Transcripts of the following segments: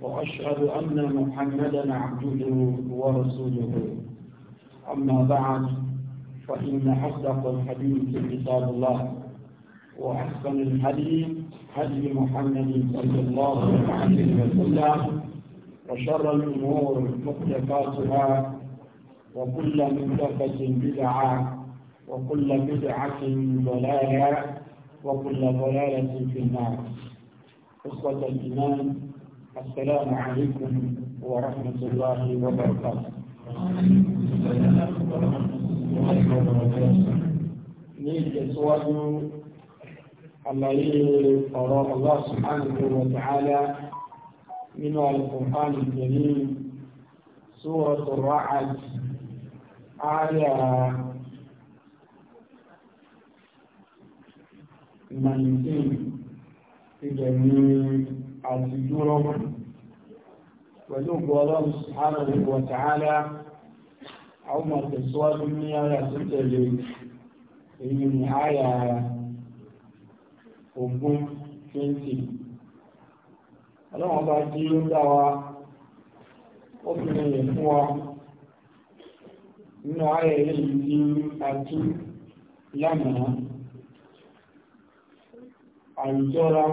وأشهد أن محمدا عبده ورسوله أما بعد فإن أصدق الحديث كتاب الله وأحسن الحديث هدي محمد صلى الله عليه وسلم وشر الأمور محدثاتها وكل محدثة بدعة وكل بدعة ضلالة وكل ضلالة في النار قصة الإيمان السلام عليكم ورحمة الله وبركاته نيجي سؤال الله سبحانه وتعالى من القرآن الكريم سورة الرعد آية من في جميع àti dúró pẹ̀lú gbọ́dọ̀ subhanahu wa ha àwọn ọmọ tẹ̀síwájú ní àyà tó tẹ̀lé èyí ni àyà ogún 20 ọlọ́wọ́n bá jí ló dá wa ó fi lè fún wa nínú ààrẹ tí a lánàá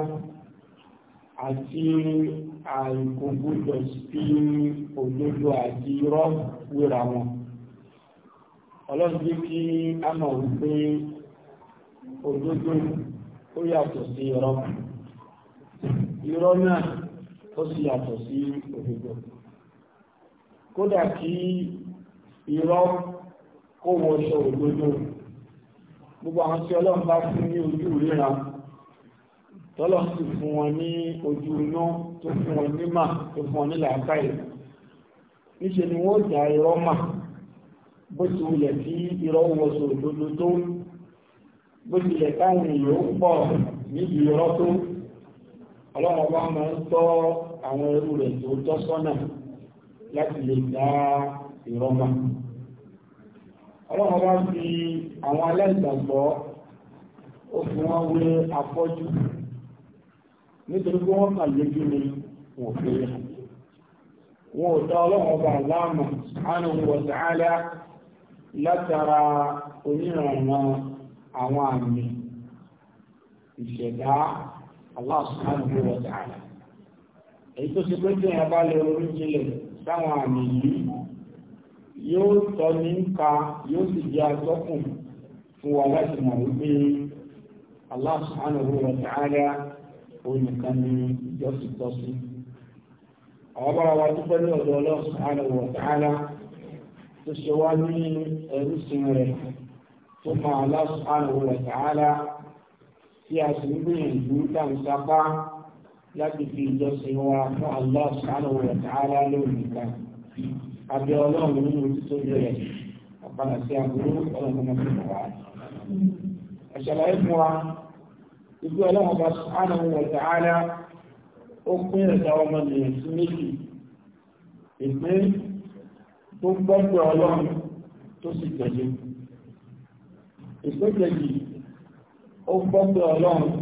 àti àìkò gbọdọ̀ sí òdodo àti irọ́ wéra wọn. ọlọ́run jẹ́ kí a mọ̀ wípé òdodo ó yàtọ̀ sí irọ́ irọ́ náà ó sì yàtọ̀ sí òdodo kódà kí irọ́ kó wọṣọ òdodo gbogbo àwọn tí ọlọ́run bá fún ní ojú ríran tọ́lọ́ sì fún wọn ní ojú iná tó fún wọn nímà tó fún wọn ní làákàyè níṣẹ́ ni wọ́n dá irọ́ mà bó ti wulẹ̀ tí irọ́ wọ sòdodo tó bó tilẹ̀ káwọn èèyàn pọ̀ níbi irọ́ tó ọlọ́run bá máa ń tọ́ àwọn ẹrú rẹ̀ tó tọ́ sọ́nà láti lè dá irọ́ mà ọlọ́run bá fi àwọn aláìgbàgbọ́ ó fi wọ́n wé afọ́jú nítorí pé wọ́n kàn lójú ni wọ́n fi rí wọn ò tọ́ ọlọ́run ọba aláàmù àánú wọ̀sẹ̀ àlá látara onírànran àwọn àmì ìṣẹ̀dá aláàsùnmọ́ wọ̀sẹ̀ àlá èyí tó ṣe pé tí wọ́n bá lè orí jinlẹ̀ sáwọn àmì yìí yóò tọ́ ní yóò sì atọ́kùn fún wa láti mọ̀ wípé onìkan ní ìjọsìn tọ́sí. àwọn bára wa dúpẹ́ ní ọ̀dọ̀ Ọlọ́run subhanahu wa ta'ala tó ṣe wá ní ẹrú sin rẹ̀ tó máa Allah subhanahu wa ta'ala tí a sì ń gbìyànjú dáńsápá láti fi ìjọsìn wa fún Allah subhanahu wa ta'ala lónìí kan. Ọlọ́run nínú títọ́ rẹ̀ ọ̀padà sí àbúrò Ọlọ́run mọ́ sí wa. àṣàlàyé fún wa ìgbé ọlọ́run bá sùhánà wọn tààlà ó pín ẹ̀dá ọmọ nìyàn sí méjì ìpín tó gbọ́gbẹ́ ọlọ́run tó sì tẹ̀lé ìpín kejì ó gbọ́gbẹ́ ọlọ́run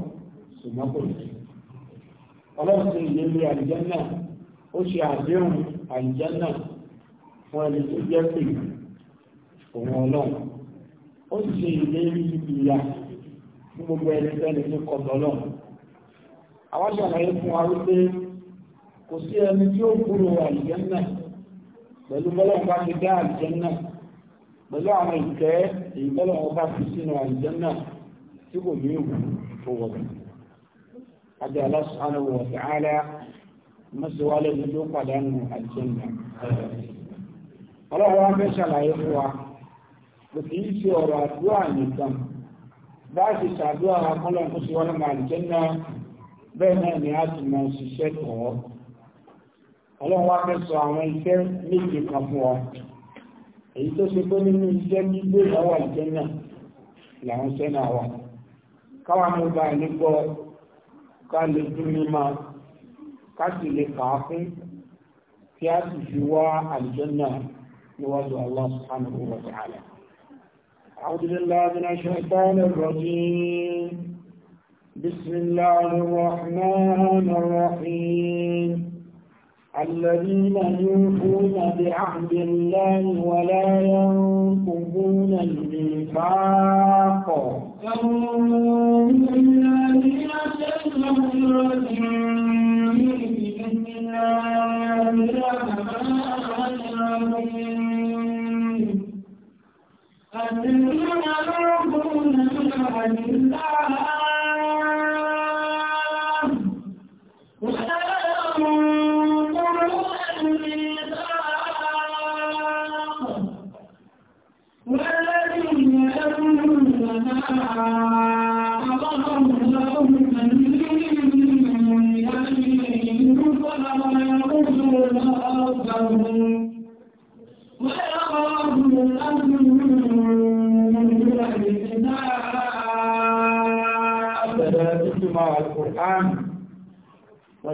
ṣùgbọ́n kò sí ọlọ́run sì lè lè àlùjànnà ó ṣe àdéhùn àlùjànnà fún ẹni tó jẹ́ pé òun ọlọ́run ó sì ṣe ìlérí ìyá fún gbogbo ẹni fẹ́ni ní kọ̀tọ̀lọ́ àwọn ṣàlàyé fún wa wípé kò sí ẹni tí ó kúrò àlùjànnà pẹ̀lú bọ́lọ́run bá ti dá àlùjànnà pẹ̀lú àwọn ìkẹ́ èyí bọ́lọ́run bá fi sínú àlùjànnà tí kò ní ìwù tó wọ̀bẹ̀ àti Allah subhanahu wa ta'ala mọ́síwálẹ̀ ní tó pàdánù àlùjànnà ọlọ́run wá fẹ́ ṣàlàyé fún wa kò kì í ṣe ọ̀rọ̀ àdúrà nìkan bá ṣe ṣàdúrà kọ́lọ̀ tó ṣe wọ́n lọ́mọ ni a ti mọ ṣiṣẹ́ tọ̀ ọ́ ọlọ́run wá fẹ́ sọ àwọn iṣẹ́ méje kan fún ọ èyí tó ṣe pé nínú iṣẹ́ gbígbé lọ́wọ́ àlùjẹ́nà làwọn iṣẹ́ náà wà káwa mú ní gbọ́ ká lè dún ní máa ká sì lè kà á fún kí a sì fi wá níwájú أعوذ بالله من الشيطان الرجيم بسم الله الرحمن الرحيم الذين يوفون بعهد الله ولا ينقضون الميثاق أعوذ بالله من الشيطان الرجيم الذين يرضون الحديث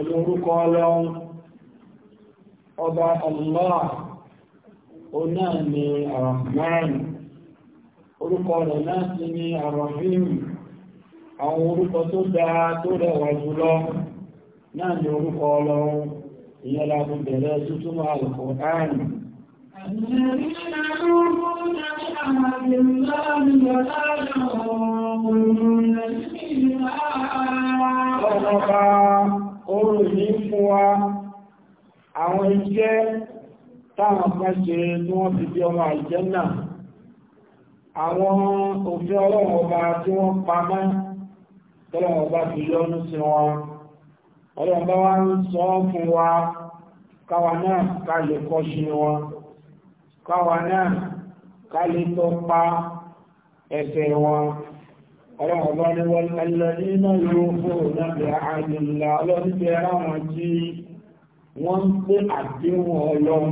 pẹ̀lú orúkọ ọlọ́run ọba Allah o náà ni Ar-Rahman orúkọ rẹ̀ náà sì ni ar àwọn orúkọ tó dáa tó rẹwà jùlọ náà ni orúkọ ọlọ́run ìyẹn láti bẹ̀rẹ̀ tútúmọ̀ Al-Qur'an الذين يؤمنون بأمر الله ولا يؤمنون بما oòrùn ní fún wa àwọn iṣẹ́ táwọn kan ṣe tí wọ́n fi bí ọmọ àlùjànnà àwọn òfin ọlọ́run ọba tí wọ́n pa mọ́ tọ́lọ́run ọba fi yọ́nú sí wọn ọlọ́run bá wá ń sọ fún wa káwa náà ká lè kọ́ sí wọn káwa náà ká lè tọ́ pa ẹsẹ̀ wọn ọlọ́ọ̀bọ́ni wọ́n lẹ́lẹ́ iná yóò fóò láti àádìlá ọlọ́díjẹ́ ráwọn tí wọ́n ń pé àdéhùn ọlọ́run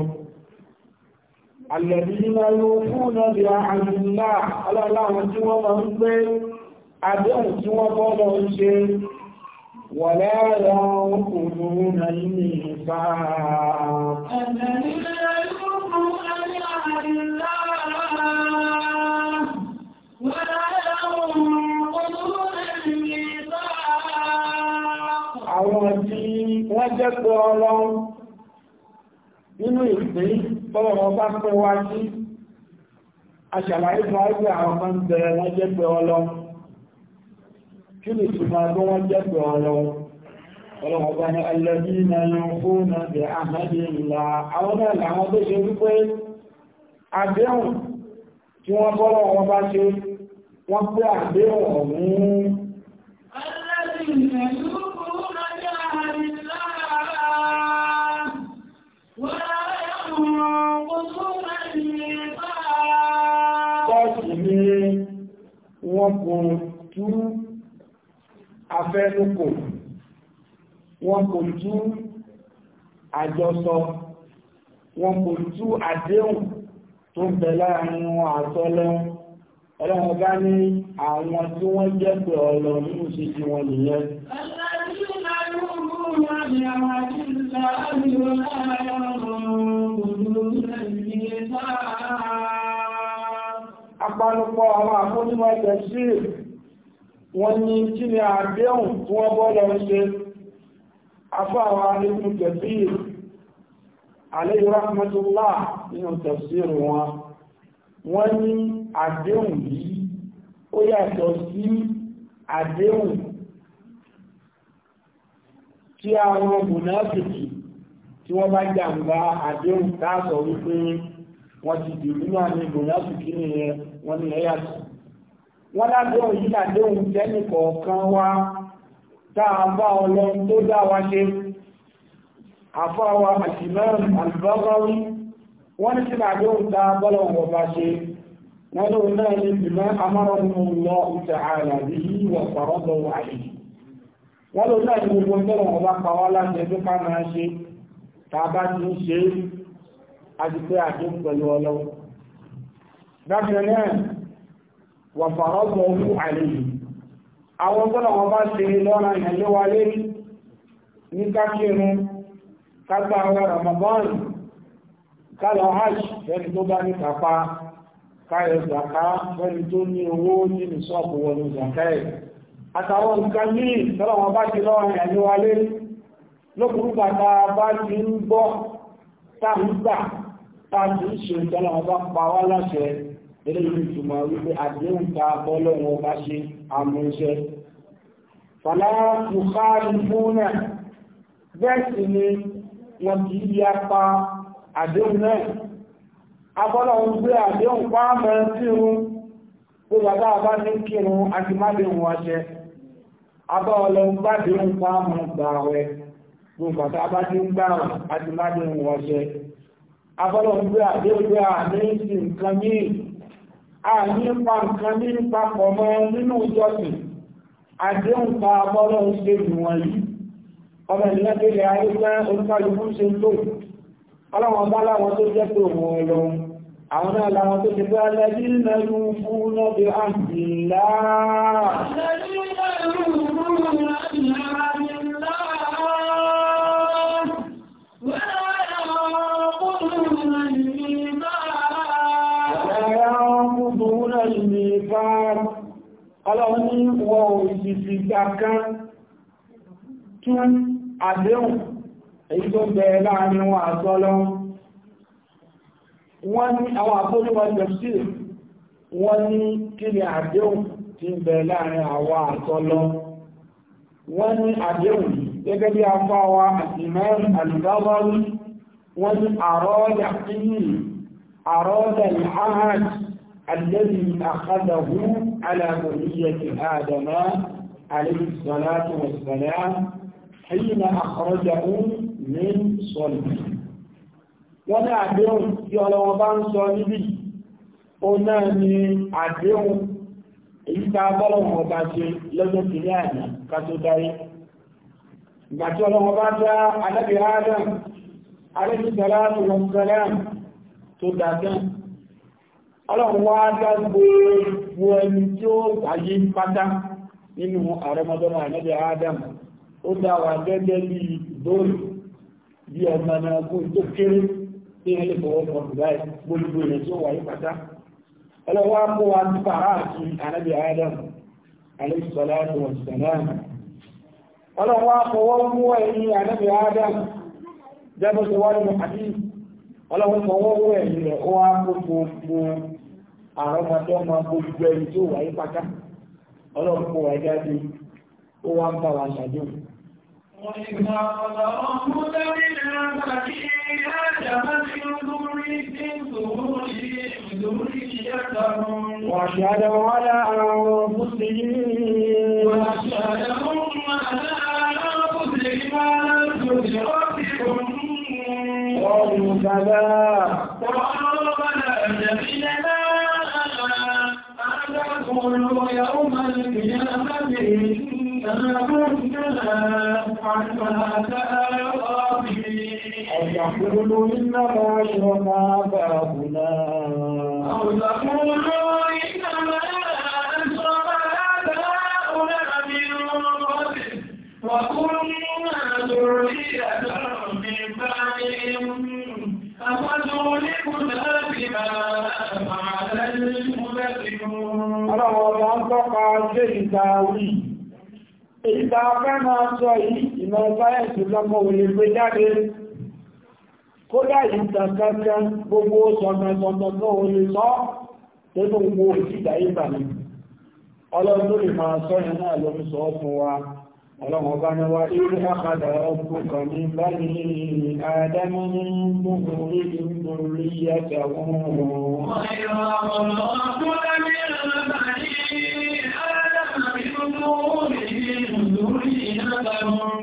alẹ́bí iná yóò fóò láti àádìlá ọlọ́láwọn tí wọ́n máa ń pé àdéhùn tí wọ́n bọ́lọ̀ ń ṣe wọ̀lẹ́rọ̀ òkùnrin akẹ́kọ̀ọ́ ọlọ́run nínú ìpé tọ́lọ̀rọ̀ bá pẹ́ wá sí aṣàlàyé fún àìgbà àwọn ọmọ ń bẹ̀rẹ̀ wọ́n jẹ́ ọlọ́run kí ni ìtumọ̀ tó wọ́n ọlọ́run ọlọ́run wọ́n kun túrú afẹ́nukò wọ́n kò tú àjọsọ wọ́n kò tú àdéhùn tó ń bẹ láàrin wọn àtọ́lẹ́wọ́n ọlọ́run bá ní àwọn tí wọ́n jẹ́ pé ọ̀lọ̀ nínú sí ti wọn nìyẹn. Ọlọ́run dánúkọ àwọn àmójúmọ́ ẹgbẹ̀ sí wọn ní kí ni àdéhùn tí wọ́n bọ́lọ̀ ń ṣe afọ́ àwọn alẹ́kùn tẹ̀sí àlẹ́yìnrá mẹ́tọ́lá nínú tẹ̀sí wọn wọ́n ní àdéhùn yìí ó yàtọ̀ sí àdéhùn tí àwọn mùnáfìkì tí wọ́n bá jàǹbá àdéhùn káàsọ̀ wípé wọ́n ti dìbò náà ní mùnáfìkì nìyẹn wọ́n ní ẹ̀yàtọ̀ wọ́n lágbóhùn yìí àdéhùn tẹ́nì kọ̀ọ̀kan wá táa bá ọlọ́run tó dá wa ṣe àfáwa àṣìmẹ́rin àlùbọ́gọ́rí wọ́n ní sílẹ̀ àdéhùn tá a bọ́lọ̀ wọ́n bá ṣe wọ́n lóun náà ní ìgbìmọ̀ amárọ̀mù lọ ìtẹ̀ ààrẹ àbí ìwọ̀ pàrọ́bọ̀ wáyé wọ́n lóun náà ní gbogbo tọ́lọ̀ wọ́n bá pa wá láti ẹgbẹ́ ká máa ṣe tá ti ń ṣe àti pé àdéhùn pẹ̀lú ọlọ́run bákan náà wà fàrọ́gbọ̀ ohun àlejò àwọn tọ́lọ̀ wọn bá ṣe lọ́ra ìyànlẹ́wà lérí ní kákírun kágbà àwọn Ramadan kálọ hajj fẹ́ni tó bá ní kápá káyọ̀ zàká fẹ́ni tó ní owó nínú sọ́ọ̀pù wọnú zàká ẹ̀ àtàwọn nǹkan míì tọ́lọ̀ wọn bá ṣe lọ́ra ìyànlẹ́wà lérí lókùnrin bá ti ń eléyìí túmọ̀ wípé àdéhùn ta bọ́lọ́wọ́ bá ṣe àmúṣẹ fàlàmùkárí fúnà bẹ́ẹ̀ sì ni wọ́n kì í ya pa àdéhùn náà abọ́lọ́wọ́ gbé àdéhùn pàmọ́ sírun pé bàbá bá ní kírun àti mádéhùn ọṣẹ abọ́ọ̀lọ́wọ́ gbádéhùn pàmọ́ gbààwẹ̀ gbogbo àti abájú ń gbààwẹ̀ àti mádéhùn ọṣẹ abọ́lọ́wọ́ gbé àdéhùn pé àdéhùn sí nǹkan míì àní pa nǹkan ní papọ̀ mọ́ nínú ìjọsìn àdéhùn pa abọ́lọ́ ń ṣe ìwọ̀n yìí ọmọ ìlú kéde ayé jẹ́ oníkàlùkù ṣe lò ọlọ́wọ́n bá láwọn tó jẹ́ pé òun ọlọ́run àwọn náà tó ti ìsìgbàkan tún àdéhùn èyí tó bẹ̀rẹ̀ láàrin wọn àtọ́lọ́ wọ́n ní àwọn àtọ́lọ́wọ́ tẹ̀sí wọ́n ní kí ni àdéhùn ti bẹ̀rẹ̀ láàrin àwọn àtọ́lọ́ wọ́n ní àdéhùn gẹ́gẹ́ bí afáwa àti mẹ́rin àlùbáwárí wọ́n ní àrọ́ọ̀dà الذي أخذه على ذرية آدم عليه الصلاة والسلام حين أخرجه من صلبه wọ́n ní àdéhùn tí ọlọ́wọ́ bá ń sọ níbi ó náà ni àdéhùn èyí ta bọ́lọ̀wọ́ bá ṣe lọ́jọ́ kìí àná ká tó dáyé ìgbà tí ọlọ́wọ́ bá dá alábi adam alẹ́bìsọ́lá tó wọ́n sọ́lá tó dá dáa ọlọ́run wá dá gbogbo ẹni tí ó gbáyé pátá nínú àrẹmọdọ́mọ ànẹ́bẹ̀ Adam ó dá wa gẹ́gẹ́ bí dóòlù bí ọmọ ẹnagún tó kéré tí ẹ lè fọwọ́ kan báyìí gbogbo ẹni tí ó wáyé pátá Adam alẹ́sọ̀lá ìwọ̀sọ̀lá ọlọ́run wá fọwọ́ mú ẹ̀yìn ànẹ́bẹ̀ Adam jẹ́bọ̀ tó wá nínú ọlọ́run fọwọ́ wọ ẹ̀yìn rẹ̀ ó wá kó gbogbo àwọn ọmọdé ọmọ gbogbo ẹni tó wáyé pátá ọlọ́run kó wáyé ó wá ń bá wa ṣàdéhùn. Wọ́n ti gba ọ̀dọ̀ ọmọ lórí náà tàbí àjàmá yìí lórí ìyàtọ̀ ọ̀run. Wọ́n ṣe àdàwọ̀ wá fún ti yìí. قالوا بلى قالوا بلى جميلنا أتقولوا يوم القيامة إنما كنا عن هذا أن يقولوا إنما أشرنا بابنا أو تقولوا tọ́ka lé ìtàwí ìta fẹ́ sọ yìí ìmọ̀ sáyẹ̀sì lọ́mọ òye gbé jáde kódà ìtàkankan gbogbo sọ̀tọ̀sọ̀tọ̀ òye sọ nínú gbogbo ìsìdá ìbàmì ọlọ́run tó lè máa sọ yẹn náà ló ń sọ fún wa ọlọ́run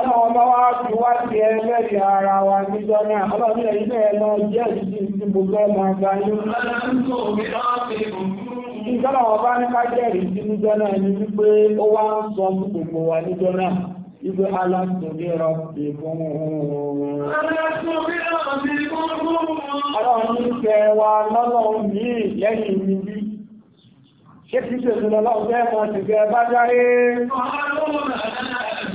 ọlọ́wọ́ bá wá ti wá ti ara wa níjọ́ náà ọlọ́run ẹ̀yí ẹlọ jẹ́ ìdí tí gbogbo ọmọ ọgbà yóò ìjọ́lọ́wọ́ ní kájẹ́rì sí níjọ́ náà ní wípé ó wá ń sọ gbogbo wa níjọ́ náà Ibi alásòmírọ̀ fún wa lọ́lọ́run yìí lẹ́yìn níbi ṣé kìí ṣe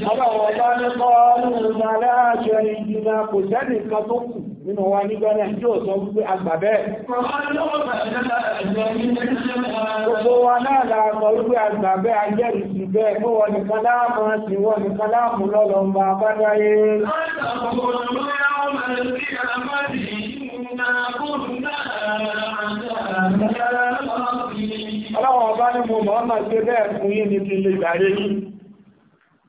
ọlọ́wọ́ bá ní kọ́ọ̀lù ìgbàlá àṣẹrí ìdínà kò sẹ́nì kan tó kù nínú wa nígbà náà tí ó sọ wípé àgbà bẹ́ẹ̀ gbogbo wa náà làkọ̀ wípé àgbà bẹ́ẹ̀ ajẹ́rì sí bẹ́ẹ̀ mú wọn nìkan láàmú sí wọn nìkan láàmú lọ́lọ́ ọmọ abádáyé Ọlọ́wọ̀n ọba ní mo mọ̀ ọ́nà ṣe bẹ́ẹ̀ fún yí ní ti lè gbàyé yìí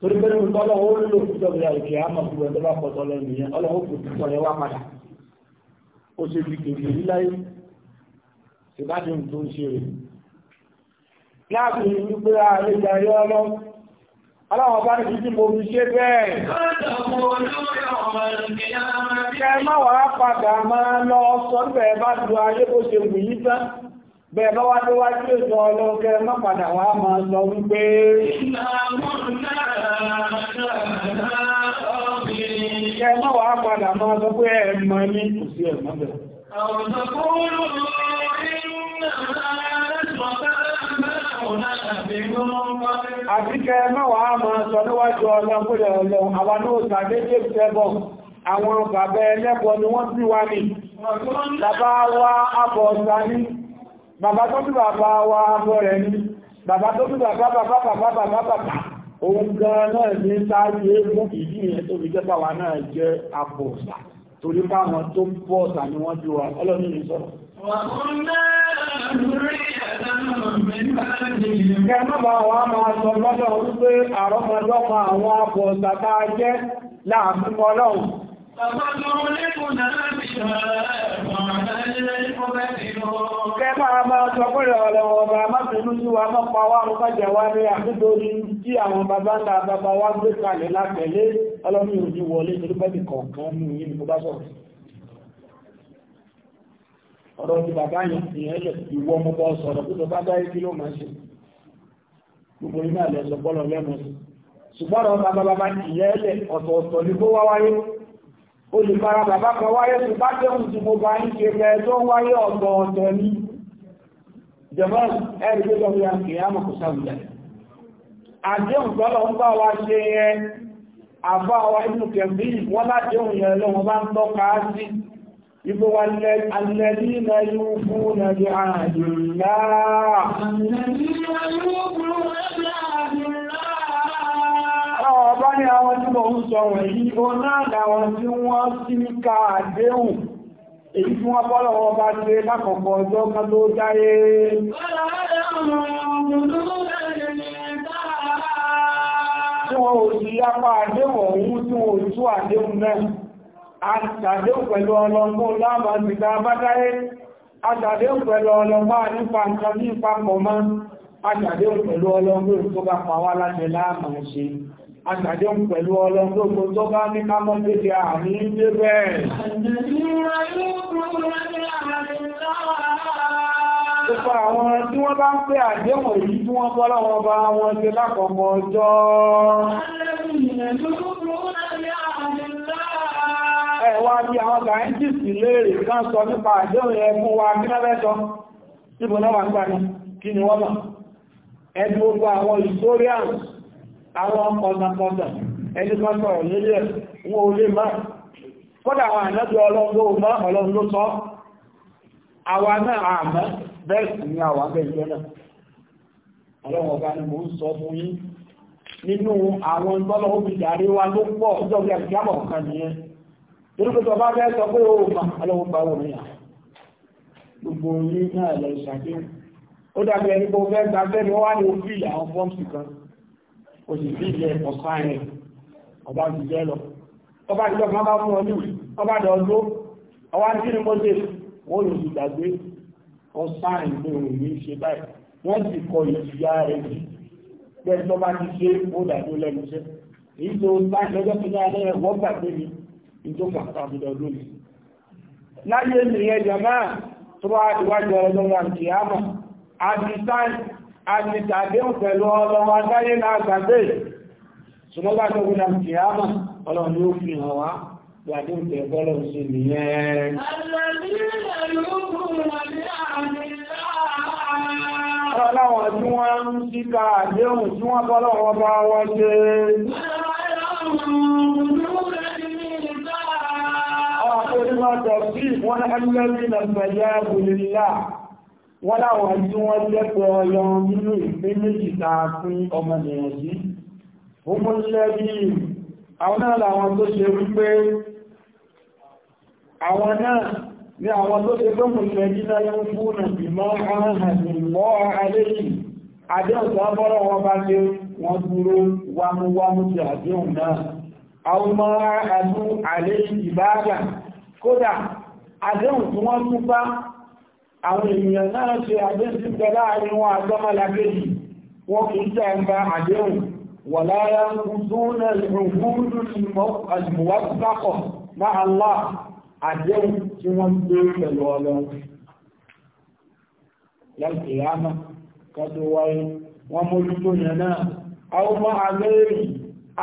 torí pé ní ọlọ́ ó lò fún ọ̀gbìn àìkè àmọ̀ fún ẹ̀dọ́ bá pọ̀tọ́ lọ nìyẹn ọlọ́wọ́ kò tún sọ̀rọ̀ wá padà ó ṣe fi kèké rí láyé ìbádùn tó ń ṣe rè láàbùn wípé ààrẹ ìdarí ọlọ́ ọlọ́wọ́n bá ní tí mo fi ṣe bẹ́ẹ̀ kẹ má wàá padà máa lọ sọ bẹ́ẹ̀ bá du ayé bó ṣe wù yí tán bẹ́ẹ̀ bá wá déwájú ètò ọlọ́kẹ má padà wàá máa sọ wípé ìlànà náà Ẹmọ́ wà padà máa sọ pé ẹmọ́ ní kò sí ẹ̀mọ́ bẹ̀rẹ̀. Àwọn ọ̀sọ̀kúrò Àbíkẹ́ mẹ́wàá máa sọ níwájú ọlọ́gbọ́dẹ̀ ọlọ́ àwọn olóòsà méjì tẹ́bọ̀ àwọn bàbá ẹlẹ́bọ̀ ni wọ́n bí wá ní. Bàbá wa abọ̀ ọ̀sà ní, bàbá tó bí bàbá wa abọ̀ rẹ̀ ní, bàbá tó bí bàbá bàbá bàbá bàbá bàbá òun gan náà ní sáájú eégún ìdí ìyẹn tó fi jẹ́pà wa náà jẹ́ abọ̀ọ̀sà torí báwọn tó ń bọ́ ọ̀sà ni wọ́n bí wa ọlọ́ni ní sọ̀rọ̀. Kẹ́mọ́bà wa máa sọ lọ́dọ̀ wípé àrọ́mọdọ́mọ àwọn abọ̀ọ̀sà tá a jẹ́ láàmúmọ́ ọlọ́run Kẹ́bà máa sọ pẹ̀lú ọ̀lọ́wọ̀ ọba mọ́sùnú sí wa mọ́pa wá ń kọjẹ̀ wá ní àkúdórí tí àwọn bàbá ńlá bàbá wá gbé kalẹ̀ látẹ̀lé ọlọ́mí òjú wọlé torí pẹ́bì kọ̀ọ̀kan ní ìyí kó bá sọ̀rọ̀. Ọ̀rọ̀ ti bàbá yẹn ti ẹ̀lẹ̀ ìwọ ọmọ bọ́ sọ̀rọ̀ tó bá dá ikú ló máa ṣe. Gbogbo iná lẹ́sọ̀ bọ́lọ̀ lẹ́nu. Ṣùgbọ́n ọ̀rọ̀ bàbá bàbá ìyẹ́lẹ̀ ọ̀tọ̀ọ̀tọ̀ ni kó wá wáyé olùfara bàbá kan wáyé tó bá jẹun tí mo bá ń ṣe rẹ tó wáyé ọ̀tọ̀ ọ̀tọ̀ ní jẹ̀mọ́ ẹ̀rí tó lọ́wọ́ ya kìí àmọ̀ kò sáwùjá àdéhùn tọ́lọ̀ ń bá wa ṣe yẹ àbá wa inú kẹ̀mí wọ́n ládéhùn yẹn lọ́wọ́ bá ń tọ́ka sí ibo wa alẹ́lí bàbá ní àwọn tí mọ̀ ń sọ wọ̀nyí o náà dáwọn tí wọ́n sí ká àdéhùn èyí tí wọ́n bọ́lọ̀ wọn bá ṣe lákọ̀ọ̀kọ̀ ọjọ́ kan tó dáyé tí wọ́n ò sí apá àdéhùn òun tí wọ́n ò tú àdéhùn náà àtàdéhùn pẹ̀lú ọlọ́gbọ́n láàbà ti dá bá dáyé àtàdéhùn pẹ̀lú ọlọ́gbọ́n nípa nǹkan ní ìpapọ̀ mọ́ àtàdéhùn pẹ̀lú ọlọ́gbọ́n tó bá pa wá láti láàmà ṣe Àṣàjọ́ pẹ̀lú ọlọ́gbogbo tó bá ní kámọ́ tó jẹ àmì ilé bẹ́ẹ̀. Gbogbo àwọn tí wọ́n bá ń pé àdéhùn èyí tí wọ́n bọ́lá wọn bá wọn ṣe lákọ̀ọ́kọ́ ọjọ́. Ẹ̀wà bí àwọn sàíńtìsì léèrè kan sọ nípa àdéhùn ẹkùn wa kí náà lẹ́tọ́. Ibùn náà wà ń gbà ní kí ni wọ́n mọ̀. Ẹgbogbo àwọn historians àwọn pọ̀nàpọ̀nà ẹni kan sọ̀rọ̀ nílé wọn ò má kódà àwọn ànájú ọlọ́gbọ́ má ọlọ́run ló sọ náà àmọ́ bẹ́ẹ̀ sì ni bẹ́ẹ̀ gbogbo orí náà lọ ìṣàdéhùn ó dàbí ẹni kó fẹ́ gbafẹ́ ni wọ́n wá ní òfin àwọn fọ́ọ̀mù kan òsì sí ilẹ̀ ọ̀sán ẹ̀rẹ̀ ọba ti jẹ́ lọ ọba ìjọ kan bá fún ọdún ọba dọ̀ ọdún ọwá tí ni mo ṣe wọ́n lò sí gbàgbé ọ̀sán ìgbé òun ní ṣe báyìí wọ́n sì kọ ìjìyà rẹ̀ jù bẹ́ẹ̀ tó bá ti ṣe ó dàdó lẹ́nu iṣẹ́ èyí tó bá ìjọjọ́ tó dáa lẹ́yìn wọ́n gbàgbé ni ìjọba tàbí ọdún ni láyé nìyẹn jàmáà tó bá ìwájú ọlọ́run àti àmọ́ àti sáyẹn alìtàdéhùn pẹ̀lú ọlọ́wọ́ adáyé lágbàgbé ṣùgbọ́gbà tó gúnlá ti ámà ọlọ́run ló fi hàn wá gbàdéhùn tẹ̀ bọ́lọ̀ sí nìyẹn Ọlọ́wọ́ tí wọ́n ń síkà àdéhùn tí wọ́n bọ́lọ̀ wọ́n bá wọ́n ṣe. Ọlọ́wọ́ tí wọ́n tọ̀ sí wọ́n wọ́n láwọn tí wọ́n lẹ́pọ̀ lọ nínú ìpín méjì taa fún ọmọ ènìyàn sí ogun lẹ́bí àwọn náà làwọn tó ṣe wípé àwọn náà ni àwọn tó ṣe gbọ́mù lẹ́bí láyé ń fún nàbì mọ́ ààrẹ̀lọ́ alẹ́yìn àdéhùn sábọ́rọ̀ wọn bá lé wọn dúró wámúwámú ti àdéhùn náà àwọn mọ́ àdú alẹ́yìn ìbáàdà kódà àdéhùn tí wọ́n bá àwọn ènìyàn náà ṣe àdéhùn sí láàrin wọn àgbọ́mọ́lágbèjì wọn kì í jàǹbá àdéhùn wà láyá ń kú tó náà ìrùnkúrú àjùmọ̀wápápọ̀ máa Allah àdéhùn tí wọ́n gbé pẹ̀lú ọlọ́run láti rámà kọ́tọ̀ wáyé wọ́n mójú tó yẹn náà àwọn ọmọ àgbẹ̀rẹ̀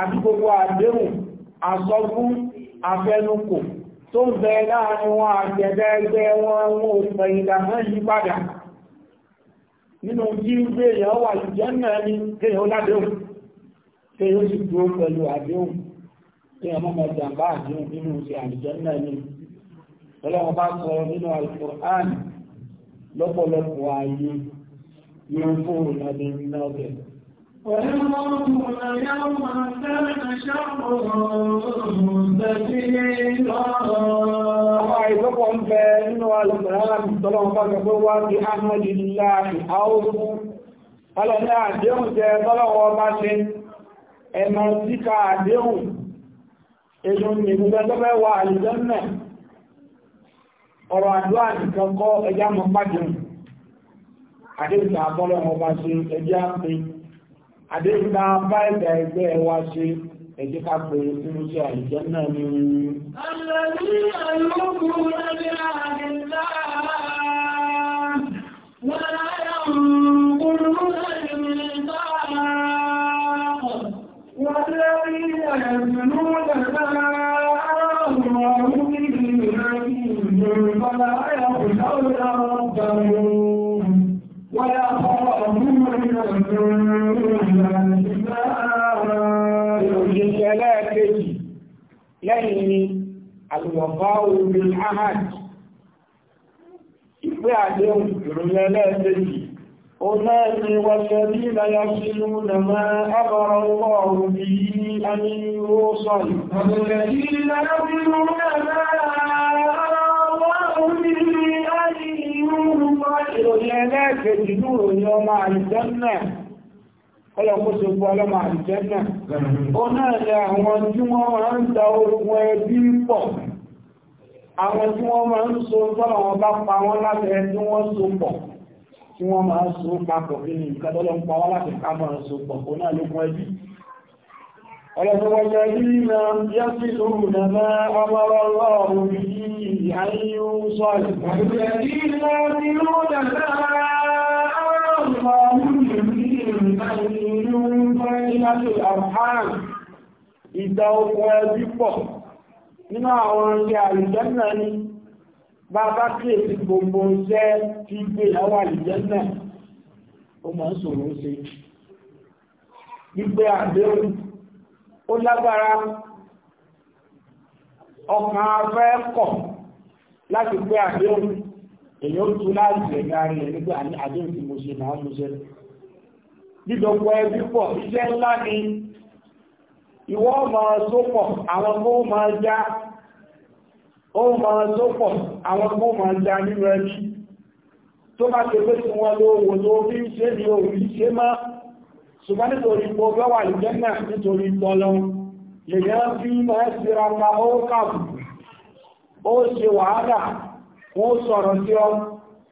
àti gbogbo àdéhùn àsọkún afẹ́nukò tó ń bẹ láàrin wọn àjẹ̀dẹ̀ ẹgbẹ́ wọn wọn ò fẹ̀ ìlànà padà nínú jí ń gbé èèyàn wà ìjẹ́ náà ní kéèyàn ládéhùn kéèyàn sì dúró pẹ̀lú àdéhùn kéèyàn mọ́mọ́ jàǹbá àdéhùn nínú ti àjẹ́ náà وينظرون يوما كان شره مستكبرا ìlọ́pọ̀ ń bẹ nínú alùpùránà tọ́lọ́wọ́ bá gbogbo wá sí ahmadu láàrin àókú ọlọ́ni àdéhùn jẹ tọ́lọ́wọ́ bá ṣe ẹ̀nà síka àdéhùn èyí ni ìgbẹ́ tó fẹ́ wà àlùjẹ́mẹ̀ ọ̀rọ̀ àdúrà nìkan kọ́ ẹjá mọ́ pàdé àdéhùn àbọ́lọ́wọ́ bá ṣe ẹjá pín àdéhùn náà bá ẹ̀dà ẹgbẹ́ wa ṣe ẹ̀jẹ́ ká pè é sínú sí àìjẹ́ náà ni. àlàyé àlòkù lórí àdìlá wọn láyà ń kúrú lórí nígbà wọn lórí ẹ̀sìnú lọ́dà àwọn ọ̀rọ̀ níbi ìrẹ́lì ìjọba láyà kò sáwọ́dà ọ̀gbà wọn. ولا خرجوا lẹ́yìn àlùwọ̀fá orí ahad ìpé àdéhùn ìròyìn ẹlẹ́ẹ̀kejì ó náà ni wọ́n ṣe ní ìlàyà sínú nàmá àbọ̀rọ̀ ọlọ́run bí i àmì ó sọ̀rọ̀ ọ̀rẹ́ ìlàyà sínú nàmá àbọ̀rọ̀ ọlọ́pọ̀sọ̀ fún ọlọ́mà àìjẹ́nà ó náà ni àwọn tí wọ́n máa ń da ogun ẹbí pọ̀ àwọn tí wọ́n máa ń so tọ́lọ̀ wọn bá pa wọ́n láti ẹ tí wọ́n so pọ̀ tí wọ́n máa ń so papọ̀ kí ni nǹkan tọ́lọ̀ ṣáṣù àmhàn ìdá okùn ẹbí pọ̀ nínú àwọn oúnjẹ àlùjẹ́nà ni bá bá kíyèsí gbogbo iṣẹ́ tí gbé àwọn àlùjẹ́nà ó máa ń ṣòro ṣe gbígbé àdéhùn ó lágbára ọkàn afẹ́ kọ̀ láti gbé àdéhùn èyí ó tún láti ẹ̀gá rẹ̀ nígbà àdéhùn tí mo ṣe máa ń mú ṣẹlẹ̀ dídọ̀pọ̀ ẹbí pọ̀ iṣẹ́ ńlá ni ìwọ máa sópọ̀ àwọn kó máa já ó máa sópọ̀ àwọn kó máa já nínú ẹbí tó bá ṣe pé tí wọ́n ló wò ló fi ń ṣe ní orí ṣe má ṣùgbọ́n nítorí pọ̀ gbọ́wà ìjẹ́ náà nítorí tọ́lọ lèyàn fi máa ṣèrànlá ó kàbù ó ṣe wàhálà wọ́n sọ̀rọ̀ sí ọ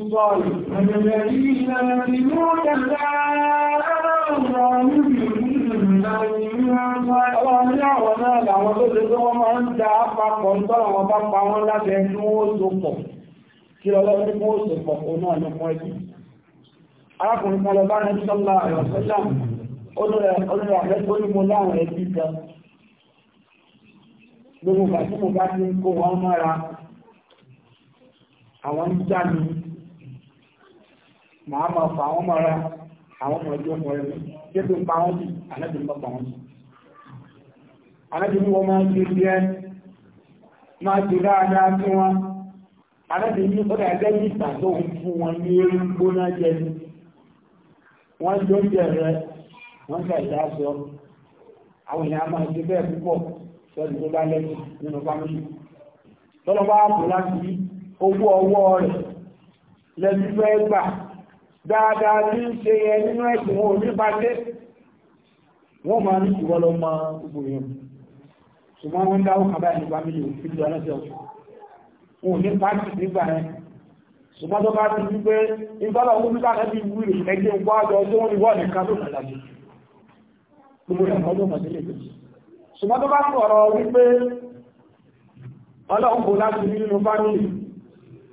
صالح الذين يتبعون لا Ọlọ́run ní àwọn náà tó wọ́n máa ń dá papọ̀ ń tọ́rọ wọn bá pa wọ́n láti ẹni wọ́n so pọ̀. Kí ọlọ́run ní wọ́n so náà ní fún Arákùnrin kan bá rẹ̀ sọ́lá ẹ̀rọ̀sọ́lá olórí àfẹ́kọ́ ní mo láwọn ẹbí kan. Gbogbo bàtí mo bá ti ń kó wọn mọ́ra, àwọn ń já mi màá máa fà wọ́n mọ́ra àwọn ọmọ ẹjọ́ mọ́ ẹ̀rọ tẹ́tù pa wọ́n sí anábì ń bá pa wọ́n sí. anábì ní wọ́n máa ṣe bí ẹ máa ṣe dáadáa sí wọn anábì ní ó dàgbẹ́ ní ìgbà tó fún wọn ní eré gbóná jẹ ní wọ́n jọ ń jẹ rẹ wọ́n ń ṣàìdá sọ àwọn èèyàn máa ṣe bẹ́ẹ̀ púpọ̀ sọ́dún tó bá lẹ́yìn nínú fámìlì tọ́lọ́ bá wà láti owó ọwọ́ rẹ̀ lẹ́nu fẹ́ gbà dáadáa tí ń ṣe yẹ nínú ẹ̀sìn wọn ò ní bá dé wọ́n máa ní ìwọ́ lọ mọ gbogbo yẹn ṣùgbọ́n wọ́n dáwọ́ kan báyìí nípa mílíọ̀ fífi lọ lọ́sẹ̀ ọ̀sẹ̀ wọn ò ní pàṣẹ nígbà yẹn ṣùgbọ́n tó bá ti wípé ìgbọ́lọ̀ wọn nígbà náà bí wúrì ẹgbẹ́ ìwọ́ àjọ tó wọ́n ní wọ́n nìkan tó kàlà jù gbogbo ẹ̀kọ́ tó mọ̀ sílẹ̀ ṣùgbọ́n tó bá ń sọ̀rọ̀ wípé ọlọ́run kò láti nínú fámìlì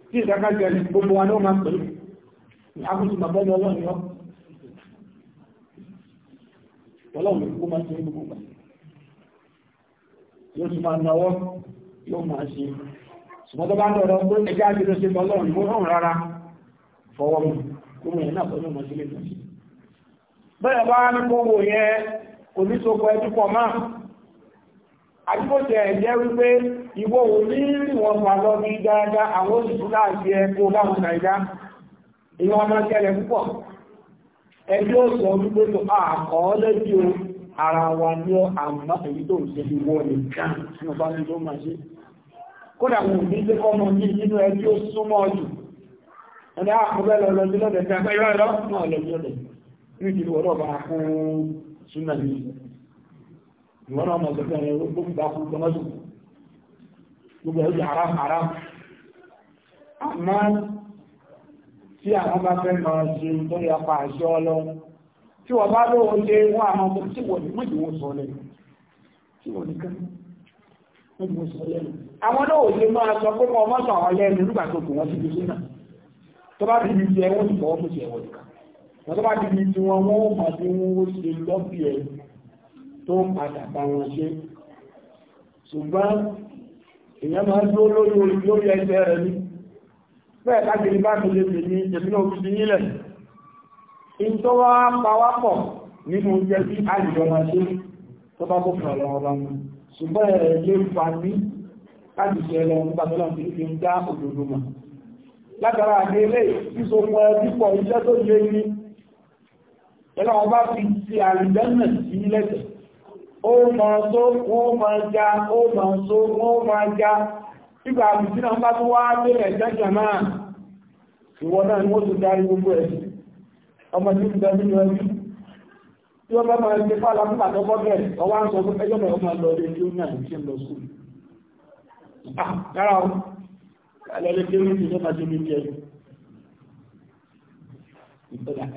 tí ìdákájẹ́ gbogbo wa ní ó máa pẹ̀lú ìhákùtù bàbá ní ọlọ́run yọ ọlọ́run kó máa ṣe ní gbogbo yóò tún máa yóò máa ṣe ṣùgbọ́n tó bá ń pé ọlọ́run rárá fọwọ́ kó náà bẹ́ẹ̀ bá ní kówó yẹn kò ní máa ẹ̀jẹ́ wípé ìwọ ọmọ ṣẹlẹ̀ púpọ̀ ẹjọ́ sọ wípé tó àkọọ́lẹ̀ tí o ara wa ní àmà èyí tó ṣe fi wọ nìkan ní ọba ní tó máa ṣe kódà mo ní pé kọ́mọ ní nínú ẹjọ́ súnmọ́ jù ẹni àkọọ́lẹ̀ lọ lọ sí lọ́dẹ̀ tí a fẹ́ yọ́ ẹ̀rọ náà lọ sí ọ̀dẹ̀ ní ìdílé ọ̀dọ̀ bá fún súnmọ́ ní ìwọ́n náà mọ̀ sọ́kẹ́ ẹ̀rọ gbogbo bá fún gbọmọ́sùn gbogbo ẹ̀rọ tí àwọn bá fẹ́ máa ṣe tó yà pa àṣẹ ọlọ tí wọ́n bá lówó ṣe wọ́n àwọn ọmọ tí wọ́n ní mọ́jú wọ́n nìkan àwọn náà ò máa sọ pé wọ́n mọ́sàn àwọn lẹ́nu nígbà tó kù wọ́n ti fi sínà tó bá ti di ti ẹwọ́n ti fọwọ́ fún ti ẹwọ́n nìkan wọ́n tó bá ti di ti wọn wọ́n máa fi wọ́n ṣe lọ́bì ẹ̀ tó padà bá wọn ṣe ṣùgbọ́n èèyàn máa ń dúró lórí ẹsẹ̀ rẹ̀ ní bẹ́ẹ̀ lágbèrè bá mi lè fi ní ẹ̀mí náà fi nílẹ̀ in tó wá pawápọ̀ nínú jẹ́ sí àìjọba ṣe tó bá bó fún ọlọ́wọ́ bá mú ṣùgbọ́n ẹ̀ lè fa ní láti ṣe ẹlọ nípa tó náà fi ń dá òdòdó mọ̀ látara àgbélé síso mọ ẹbí pọ̀ iṣẹ́ tó yẹ ní ẹlọ́wọ́ bá fi ti àrìdẹ́nà sí lẹ́sẹ̀ ó mọ̀ tó wọ́n mọ̀ já ó mọ̀ tó wọ́n mọ̀ já nígbà àbùsí náà bá tó wá délẹ̀ jẹ́jẹ̀ náà ìwọ náà ni wọ́n tún darí gbogbo ẹ̀ ọmọ tí ń bẹ nínú ẹbí tí wọ́n bá máa ń gbé fàlà fún àtọ́kọ́ bẹ̀rẹ̀ ọwọ́ ń sọ fún ẹjọ́ mẹ́rin máa lọ ilé tí ó ní àyè lọ sùn. rárá o kálẹ̀ lé kéwì tí wọ́n máa ti lóye ẹ̀.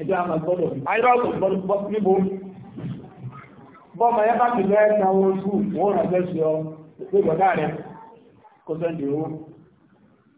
ẹjọ́ àmà gbọ́dọ̀ ayọ́ọ̀tò gbọ́dọ̀ níbo bọ́ọ̀mù bá ti sùn wọ́n rà bẹ́ẹ̀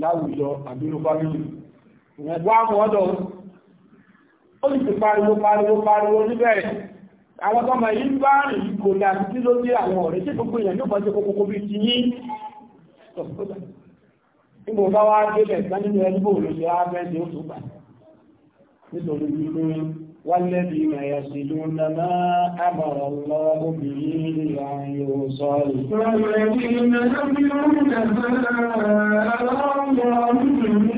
láwùjọ àbínú fámílì ìrẹ̀gbọ́ àwọn ọ̀dọ̀ ó sì ti pariwo pariwo pariwo níbẹ̀rẹ̀ àwọn ọmọ yìí ń bá rìn kò ní àti tí ló dé àwọn ọ̀rẹ́ tí gbogbo èèyàn ló kọjá kókókó bí ti yí nígbò wá délẹ̀ sánínú ẹni bò ló ṣe á bẹ́ẹ̀ ni والذين يصلون ما أمر الله به أن يوصل والذين يصلون ما أمر الله به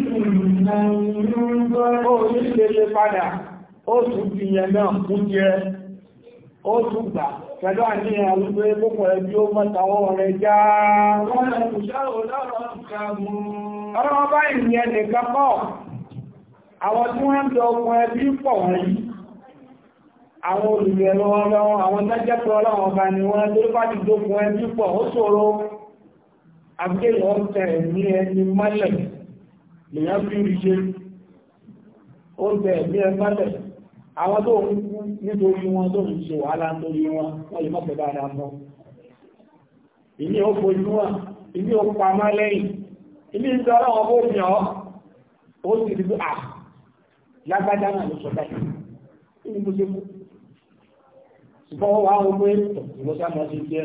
أن يوصل ó sì lè padà ó tún fi yẹn náà kú jẹ ó tún gbà pẹ̀lú àníyàn wípé púpọ̀ ẹbí ó mọ́tàwọ́ rẹ̀ já wọ́n lè kù ṣá òlọ́rọ̀ mú ọ̀rọ̀ báyìí yẹn nìkan pọ̀ àwọn tí wọ́n ń dọ̀kùn ẹbí pọ̀ wọ́n yìí àwọn olùgbẹ̀rọ ọlọ́run àwọn tẹ́jẹ́pẹ̀ ọlọ́run ọba ni wọ́n tó bá ti dókun ẹni púpọ̀ ó ṣòro àgbéyọ̀ ọ̀tẹ̀ ní ẹni mọ́lẹ̀ lèyàn fi rí ṣe ó tẹ̀ ní ẹni mọ́lẹ̀ àwọn tó ń kú nítorí wọn tó ń ṣe wàhálà nítorí wọn wọ́n lè mọ́pẹ̀ dáadáa mọ́ ilé ó fojú wọn ilé ó pa má lẹ́yìn ilé ń sọ ọlọ́run ó fi ọ́ ó sì rí bí à lágbájá náà ló sọ báyìí ṣùgbọ́n wá ń pé ìmọ̀sá máa ṣe jẹ́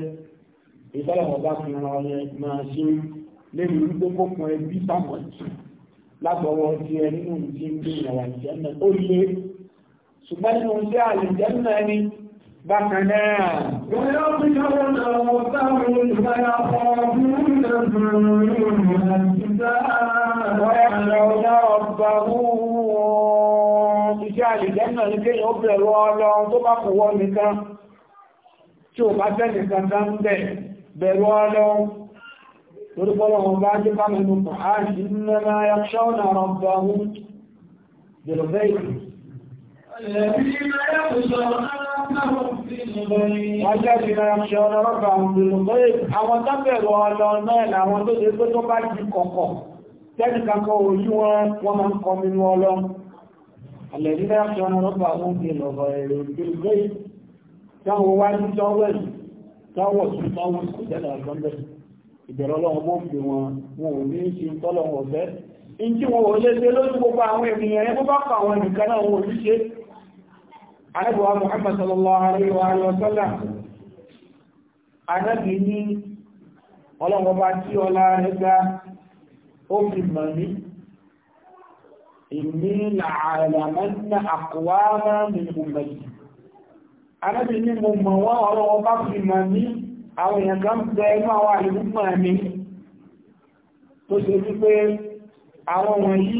ìtọ́lọ̀ wọn bá fi máa ṣe lẹ́nu wípé ẹbí sàmọ̀ jù ti ẹ nínú ti ń gbé ìrànwọ́ àlìjẹ́nà ó lé ṣùgbọ́n nínú ti àlìjẹ́nà ni bákan náà. Bóyá ó ti káwọn náà ó bẹ̀rù ọlọ́run tó bá kù wọ́n nìkan tí ó bá tẹ́lẹ̀ kankan bẹ̀ bẹ̀rù ọlọ́run lórúkọ́lọ́run bá jẹ́ kámẹ́nu pàájì nínú yaṣọ́nà rọ̀bọ̀hún jẹ́lọ̀bẹ́ẹ̀kì Wájẹ́ ìrìnà ṣe ọ̀nà rọ́gbà àwọn olùgbé àwọn tábẹ̀rọ ọlọ́run náà làwọn tó lè pé tó bá jí kọ̀kọ̀ tẹ́lì kankan ojú wọn wọ́n máa ń kọ nínú ọlọ́run. Àlẹ̀rí náà ṣe ọ̀nà rọ́gbà àwọn olùgbé táwọn wájú tọ́wẹ̀lì tọ́wọ̀ sí tọ́wọ̀ sí ìjẹ́lẹ̀ àgbọ́ndẹ̀ ìbẹ̀rẹ̀ ọlọ́run mọ́ fi wọn wọn ò ní ṣe tọ́lọ́run ọ̀fẹ́ in tí wọn ò lé ṣe lójú gbogbo àwọn ènìyàn ẹgbẹ́ bá pa àwọn ẹnìkan náà wọn ò ní ṣe àrẹ́bùwà Muhammad sallallahu alaihi wa rẹ̀ ga ó anábì ní mo mọ̀ wọ́n ọ̀rọ̀ wọn bá fi mọ̀ ní àwọn èèyàn kan bẹ inú àwọn àlùmọ̀ mi tó ṣe wípé àwọn wọ̀nyí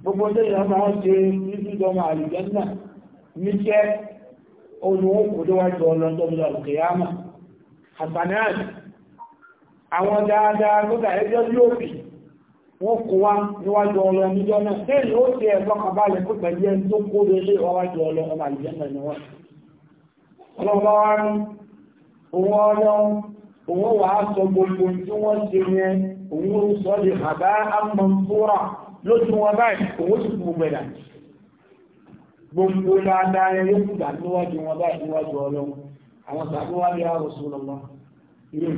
gbogbo tó yẹ máa ń ṣe níbi ìjọba àlùjẹ́nà níṣẹ́ olùwọ́n kò déwájú ọlọ́jọ́ bí ọ̀kẹ́yàmà àgbànáàdì àwọn dáadáa tó dà ẹjọ́ yóò fi wọ́n kó wá níwájú ọlọ níjọ́ náà tí èyí ó ti ẹ̀fọ́ kan ẹni tó kó lé ọwájú ọlọ ọmọ àlùjẹ́nà ni wọ́n ọlọ́pàá wá ní owó ọlọ́run òun wà á sọ gbogbo tí wọ́n ṣe yẹn òun ó sọ lè àbá amọ̀ntúrà lójú wọn báyìí òun sì fún gbẹ̀dà gbogbo dáadáa yẹn yóò gbà níwájú wọn báyìí níwájú ọlọ́run àwọn tàbí wá ní àròsọ lọ́mọ ìrè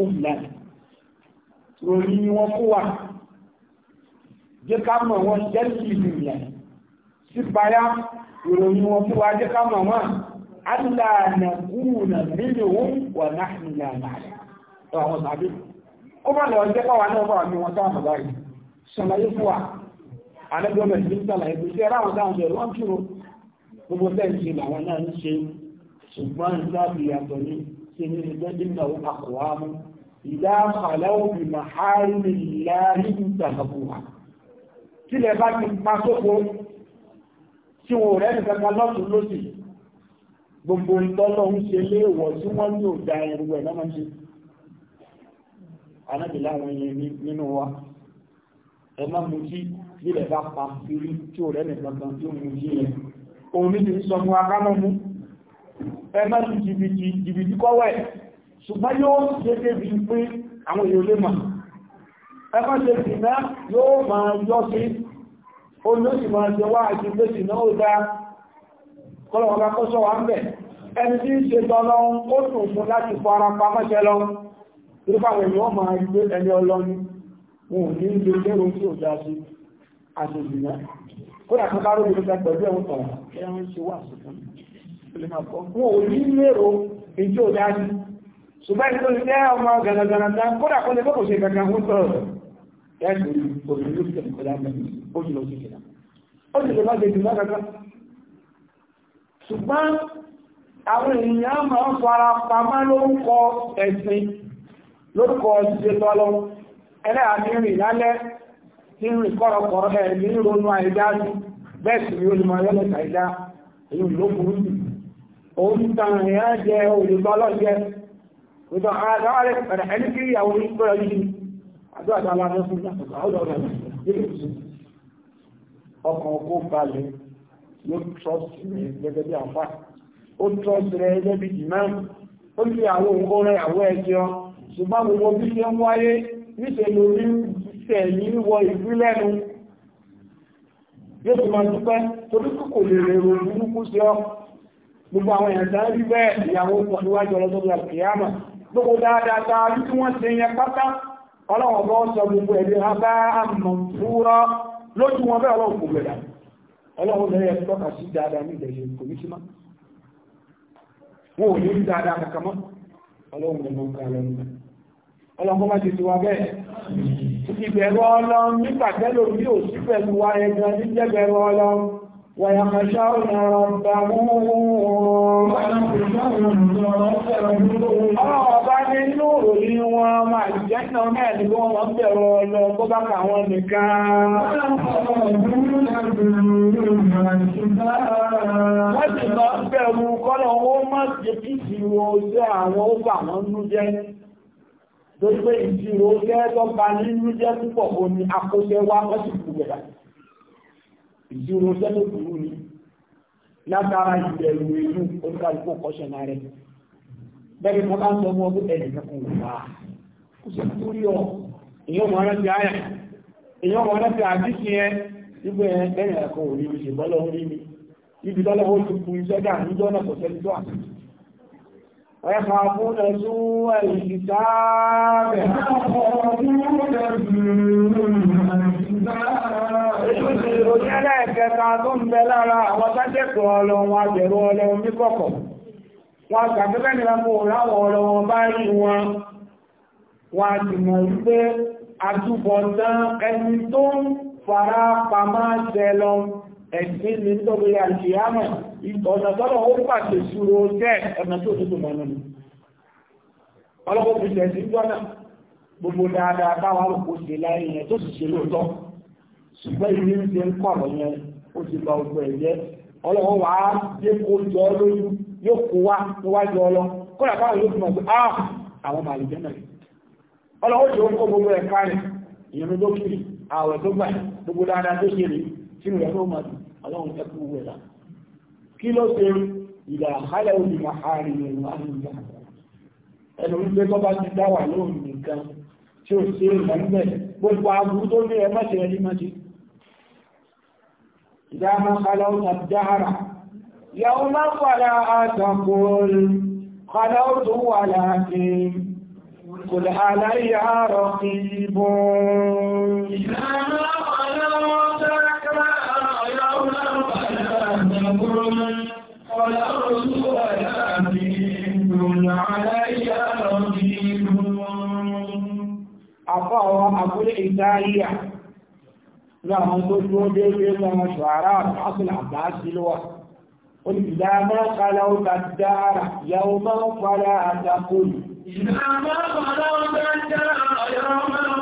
òjíṣẹ́ sípayá ìròyìn wọn fún wa jẹ́ ká mọ̀ wọ́n aláàna kúrùnà nílò wọn wà náà nílò àwọn tàbí kó má lọ jẹ́ káwà náà bá mi wọn táwọn bàbá yìí ṣàlàyé fún wa alẹ́gbẹ̀mẹ̀ ní ṣàlàyé pé ṣe ráwọn táwọn bẹ̀rẹ̀ ṣùgbọ́n ìjábì yàtọ̀ ní ṣe ní ìjọ́ dínà ó àkọ́wá mú ìdá àlẹ́wò bí màhárì láàrin ìtàkàbùwà kílẹ̀ bá ti pa tí wọn rẹ̀ nìkankan lọ́tún lósì gbogbo ìtọ́lọ́ ń ṣe léèwọ̀ tí wọ́n ní òdá ẹrù ẹ̀ lọ́mọ ṣe anábìlá àwọn yẹn nínú wa ẹ má mú sí nílẹ̀ bá pa kiri tí ò rẹ̀ nìkankan tí ó mú sí yẹn òun ní ti sọ fún akámọ́ mú ẹ má sí jìbìtì jìbìtì kọ́wẹ́ ṣùgbọ́n yóò ṣe débi pé àwọn èèyàn lè mọ̀ ẹ má ṣe sì yóò máa yọ sí olóòsì máa jẹ wá àti lóòsì náà ó dá kọ́lọ̀wọ́ bá kọ́ sọ́wọ́ ń bẹ̀ ẹni tí ń ṣe tọ́lọ ó dùn fún láti fọ ara pa mọ́ṣẹ́ lọ nípa ẹ̀yìn wọ́n máa gbé ẹni ọlọ́ni wọn ò ní ń lo lérò tí ò dá sí àṣèjìyàn kódà kan ẹ̀rù òṣèlú ìpẹ̀lẹ̀ òṣèlú òṣèlú òṣèlú bá jẹjù lágbàgbà ṣùgbọ́n àwọn èèyàn máa ń fara pamá lórúkọ ẹ̀sìn lórúkọ ṣe tọ́lọ ẹlẹ́àmírìn lálẹ́ tí ń rìn kọ́rọ̀kọ́ ẹ̀mí ronú àìdá sí bẹ́ẹ̀ sì ni olùmọ̀ ẹlẹ́ta àìdá èyí ló burú jù òun tan èèyàn jẹ òyìnbọ́lọ́ jẹ òjò àwọn àdáwálẹ̀ pẹ̀lẹ̀ ẹni kí ìyàwó ní pẹ́rọ yìí ọkàn kó balẹ̀ ló trọ́sì rẹ̀ gẹ́gẹ́ bí àpá ó trọ́sì rẹ̀ gẹ́gẹ́ bí ìmáàmù ó fi àwọn òǹkó rẹ̀ àwọ́ ẹjọ́ ṣùgbọ́n gbogbo bí ṣe ń wáyé níṣẹ́ lórí tẹ̀lé wọ ìfúnlẹ́nu yóò tó máa dúpẹ́ torí kò kò lè rẹ̀ rò burúkú sí ọ gbogbo àwọn èèyàn tán rí bẹ́ẹ̀ ìyàwó pọ̀ níwájú ọlọ́dọ́ gbogbo dáadáa tá a rí tí wọ́n ṣe yẹn pátá ọlọ́wọ̀n bọ́ sọ gbogbo ẹ̀dẹ́ abá àmọ̀fúrọ́ lójú wọn bẹ́ẹ̀ ọlọ́wọ̀n gbogbo ẹ̀dá ọlọ́wọ̀n lẹ́yẹ tọ́ka sí dáadáa ní ìdẹ̀yẹ kò ní símá wọn ò ní rí dáadáa kankan ọlọ́wọ̀n lẹ́mọ̀ ويخشون ربهم ọba ní lóòrò ní wọn máa jẹ́nà náà ní wọ́n wọ́n bẹ̀rọ lọ bó ti wọ́n jẹ́ àwọn ó wọ́n nú jẹ́ tó pé ìṣirò jẹ́ tó nínú jẹ́ púpọ̀ òní akóṣẹ́wá wọ́n sì ìdúró sẹ́lò burú ni látara ìbẹ̀rù inú oníkàlùkù kọ́ṣẹ́ náà rẹ̀ bẹ́ẹ̀ mọ́ bá ń sọ mọ́ ọdún ẹ̀dẹ̀ kankan wò wá kó sì kú rí ọ èyàn mọ̀ ọ́nà ti àyà èyàn mọ̀ ọ́nà ti àdísì ẹ nígbà ẹ̀ bẹ́ẹ̀ ẹ̀kọ́ ò ní mi ṣùgbọ́n lọ́wọ́ rí mi níbi tọ́lọ́wọ́ ti kú iṣẹ́ dà níjọ́ náà kò sẹ́ni tó Ìròyìn ẹlẹ́ẹ̀kẹta tó ń bẹ lára àwọn sájẹ́kọ̀ọ́ ọlọ́run àbẹ̀rọ ọlọ́run ní kọ̀kọ̀. Wọ́n gbàgbẹ́gbẹ́ nìra mú láwọn ọlọ́run bá rí wọn. Wọ́n a ti mọ̀ wípé àtúbọ̀tán ẹni tó ń fara pamá jẹ lọ ẹ̀sìn ní nítorí àìṣìyámọ̀ ọ̀nà tọ́lọ̀ ó pàṣẹ ṣúro jẹ́ ọ̀nà tó tó mọ̀ nínú. Ọlọ́pọ̀ fi ṣẹ̀ sí gbọ́nà gbogbo dáadáa táwọn àrùkù ṣe láyé yẹn tó sì ṣe lóòótọ́ ṣùgbọ́n ilé ń ṣe ń kọ́ àwọn yẹn ó ti gba ọgbẹ́ ẹ̀jẹ̀ ọlọ́wọ́ wàá dé kó jọ ọ lójú yóò kó wá níwájú ọlọ kódà báwọn yóò fi mọ̀ pé ah àwọn màlì jẹ́ náà ọlọ́wọ́ tí ó kó gbogbo ẹ̀ kárẹ̀ ìrìn tó kiri ààwẹ̀ tó gbà gbogbo dáadáa tó ṣe rè tí rẹ̀ ló mọ̀ sí ọlọ́run ẹkú wẹ̀ rà kí ló ṣe ìlà àkálẹ̀ òní àárín ẹ̀rọ àmìyà ẹnu wípé tó bá ti dá wà lóhùn nìkan tí ó ṣe ìgbà níbẹ̀ gbogbo aburú tó ní ẹ إذا ما خلوت الدهر يوم فلا تقول خلوت ولكن قل علي رقيب إذا ما خلوت الدهر يوم فلا تقول خلوت ولكن قل علي رقيب أفاوى أقول إتاهيه láwọn tó dúró déédé lọ́wọ́ ṣọ̀hárá àtàkùn àbáṣí lọ́wọ́ olùdámọ́ kala ó ta dára yàwó máa ń fara àtàkùn ìdámọ́ kala ó ta dára yàwó máa ń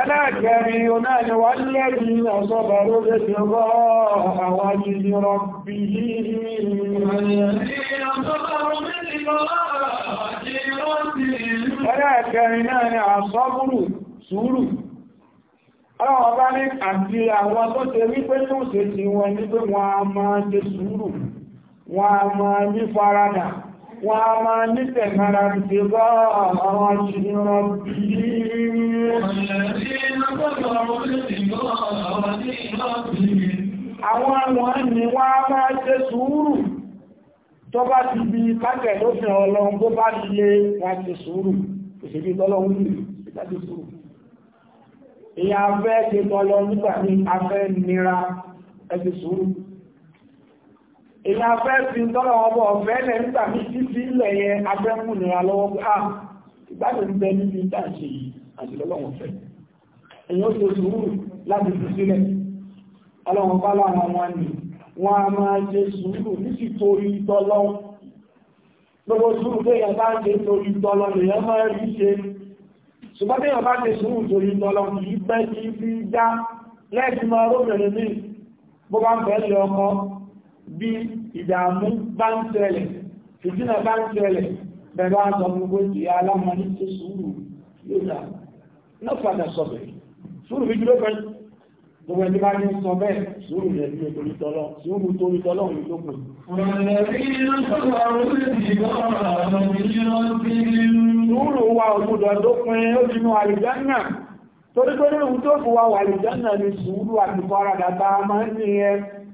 ẹlẹ́gẹ̀rin oná ni wà lẹ́rin ọ̀sọ́bà ló lè ti rọ́ àwọn ajìyí rọ̀bì yìí ẹlẹ́gẹ̀rin ní àti àwọn tó ṣe wípé tó ṣe ti wọn ní pé wọn a máa ṣe sùúrù wọn a máa ní faradà wọ́n a máa nítẹ̀ mara ti bá àwọn aṣìyànrọ̀ bí àwọn àwọn ni wọ́n a máa ṣe sùúrù tó bá ti bí kákẹ̀ lófin ọlọ́run tó bá ti lé wọ́n ti sùúrù ìṣèlú lọ́lọ́run ní ìdájú sùúrù èyí afẹ́ ṣe tọ́lọ nígbà ní afẹ́ nira ẹgbẹ̀ sùúrù èyí afẹ́ fi ń tọ́lọ̀ ọbọ̀ ọ̀fẹ́ lẹ̀ nígbà mí sí ilẹ̀ yẹn afẹ́ kù lọ́wọ́ pé à ah, ìgbádùn ń bẹ níbi ń dàṣe yìí àti lọ́lọ́wọ́ fẹ́ èyí ó ṣe sùúrù láti fi sílẹ̀ ọlọ́run bá láwọn wọn ni wọn a máa ṣe sùúrù nítorí torí tọ́lọ́ gbogbo sùúrù tó yẹn bá ń ṣe torí tọ́lọ́ lèyàn máa rí ṣe ṣùgbọ́n tí yẹn bá ṣe sùúrù torí tọ́lọ́ kì í pẹ́ kí fi já lẹ́ẹ̀kì máa róbìnrin míì bó bá ń fẹ́ lé bí ìdààmú bá ń tẹ́lẹ̀ ìdínà bá ń tẹ́lẹ̀ bẹ̀rẹ̀ àtọ̀ gbogbo ti alámọ̀ ní tó sùúrù yóò dà náà padà sọ̀bẹ̀ sùúrù bí dúró pẹ̀lú gbogbo ẹni bá ní sọ bẹ́ẹ̀ sùúrù rẹ̀ ní torí tọ́lọ́ sùúrù torí tọ́lọ́ ní tó pè sùúrù wa òbúdọ̀ tó pin ó ní ìwú tó fún wa wà àlìjánà ni sùúrù àti fọ́radà tá máa ń ní ẹ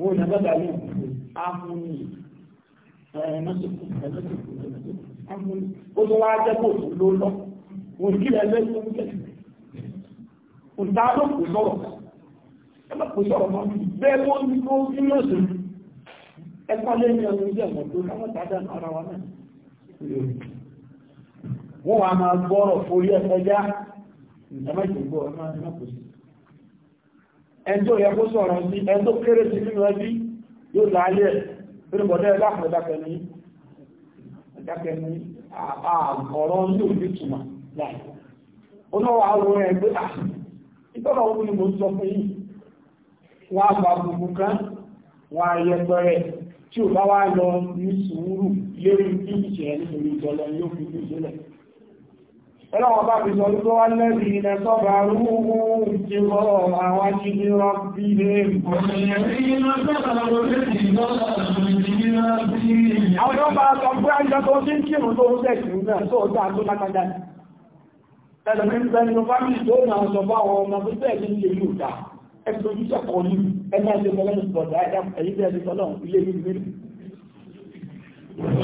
wo na bàbá yìí amúni ẹ̀ẹ́mẹ́sìkò ẹ̀mẹ́sìkò ẹ̀mẹ́sìkò amúni ó tó wá jẹ́ kó ló lọ wọn kí lẹ lẹ́yìn tó ń jẹ́ òǹtà ló kò sọ̀rọ̀ ẹ má kò sọ̀rọ̀ mọ́ bẹ́ẹ̀ ló ń ló ń lọ sí ẹ̀kọ́ lẹ́yìn ọdún jẹ́ ọ̀nà tó káwọn tàdá ara wa náà wọ́n wá máa gbọ́rọ̀ forí ẹ̀kọ́ já ẹ̀mẹ́sìkò ẹ̀mẹ́sìkò ẹjọ́ yẹ kó sọ̀rọ̀ sí ẹjọ́ kéré sí nínú ẹbí yóò láyẹ̀ pínbọ̀dẹ́ lápẹ̀dákẹ̀ní ọ̀rọ̀ ní òjú túnmà láì olówó àwọn ẹgbẹ́ ka tí ò bá wá lọ ní sùúrù lérí bí ọlọ́wọ́ bá fi sọ lúgbọ́ wá lẹ́bí ilẹ̀ sọ́bà rúrú ìjẹ́rọ àwọn ajínigbọ́ bí i lè Àwọn ọba sọ pé àjọ tó ti ń kírùn tó ń tẹ̀sì náà tó ọjọ́ àtó lákàdá. Ẹlẹ̀mí ń bẹ nínú fámìlì tó náà sọ bá àwọn ọmọ tó tẹ̀sì ilé yóò dá. Ẹ Àwọn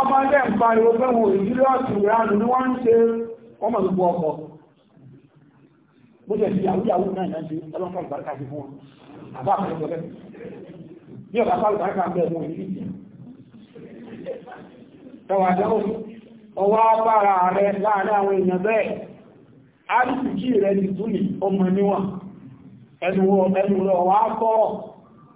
ọba ndị ń pariwo ìdílé ọ̀tún ìrànù ní wọ́n ń ṣe wọ́n mọ̀ ọkọ̀. náà náà ọlọ́pàá sí fún ọwọ́ rẹ àwọn èèyàn bẹ́ẹ̀. ọmọ níwọ̀n. Ẹnu rọ̀ wá kọ́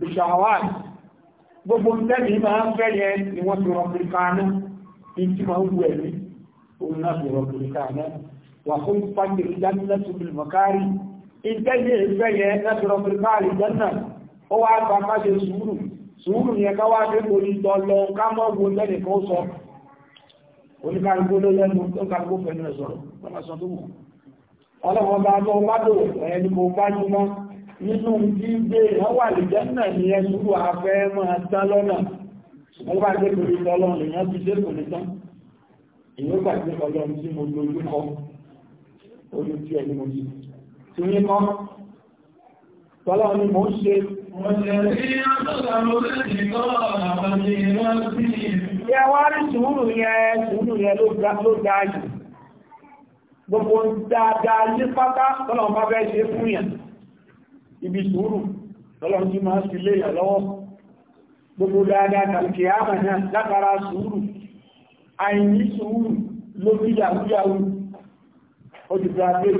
bishawat gbogbo tẹ́lì máa ń fẹ́ yẹn ni wọ́n fi rọ̀pìlìkàánà ní tí máa ń wù ẹ̀mí òun náà fi rọ̀pìlìkàánà wà fún pàtàkì jannatu bil makari ìtẹ́lì ìfẹ́ yẹn láti rọ̀pìlìkàánà jẹ́nà ó wá gba máṣe sùúrù sùúrù yẹn ká wá dé lórí tọ́lọ ká mọ́ wo lẹ́nì kan sọ oníkàrúgbó ló lẹ́nu tó kàrúgbó fẹ́nu ẹ̀ sọ̀rọ̀ lọ́mọ nínú gbígbé ìyánwà lè jẹ́nà ní ẹnúrú afẹ́ máa dá lọ́nà wọ́n bá gbé torí ọlọ́run èèyàn ti dé kò ní tán èyí ó gbàgbé ọlọ́run tí mo lo ojú kọ ojú tí ẹni mo yí tí ní kọ́ tọ́lọ́ ni mo ń ṣe Yẹwárí sùúrù yẹn sùúrù yẹn ló dáa jù. Gbogbo dáadáa ní pátá tọ́lọ̀ bá bẹ́ ṣe fún yẹn ibi sùúrù lọ́lọ́n tí máa sì lè yàlọ́wọ́ gbogbo dáadáa tàbí àmà náà látara sùúrù àìní sùúrù ló fi yàwúyàwú ojú brazil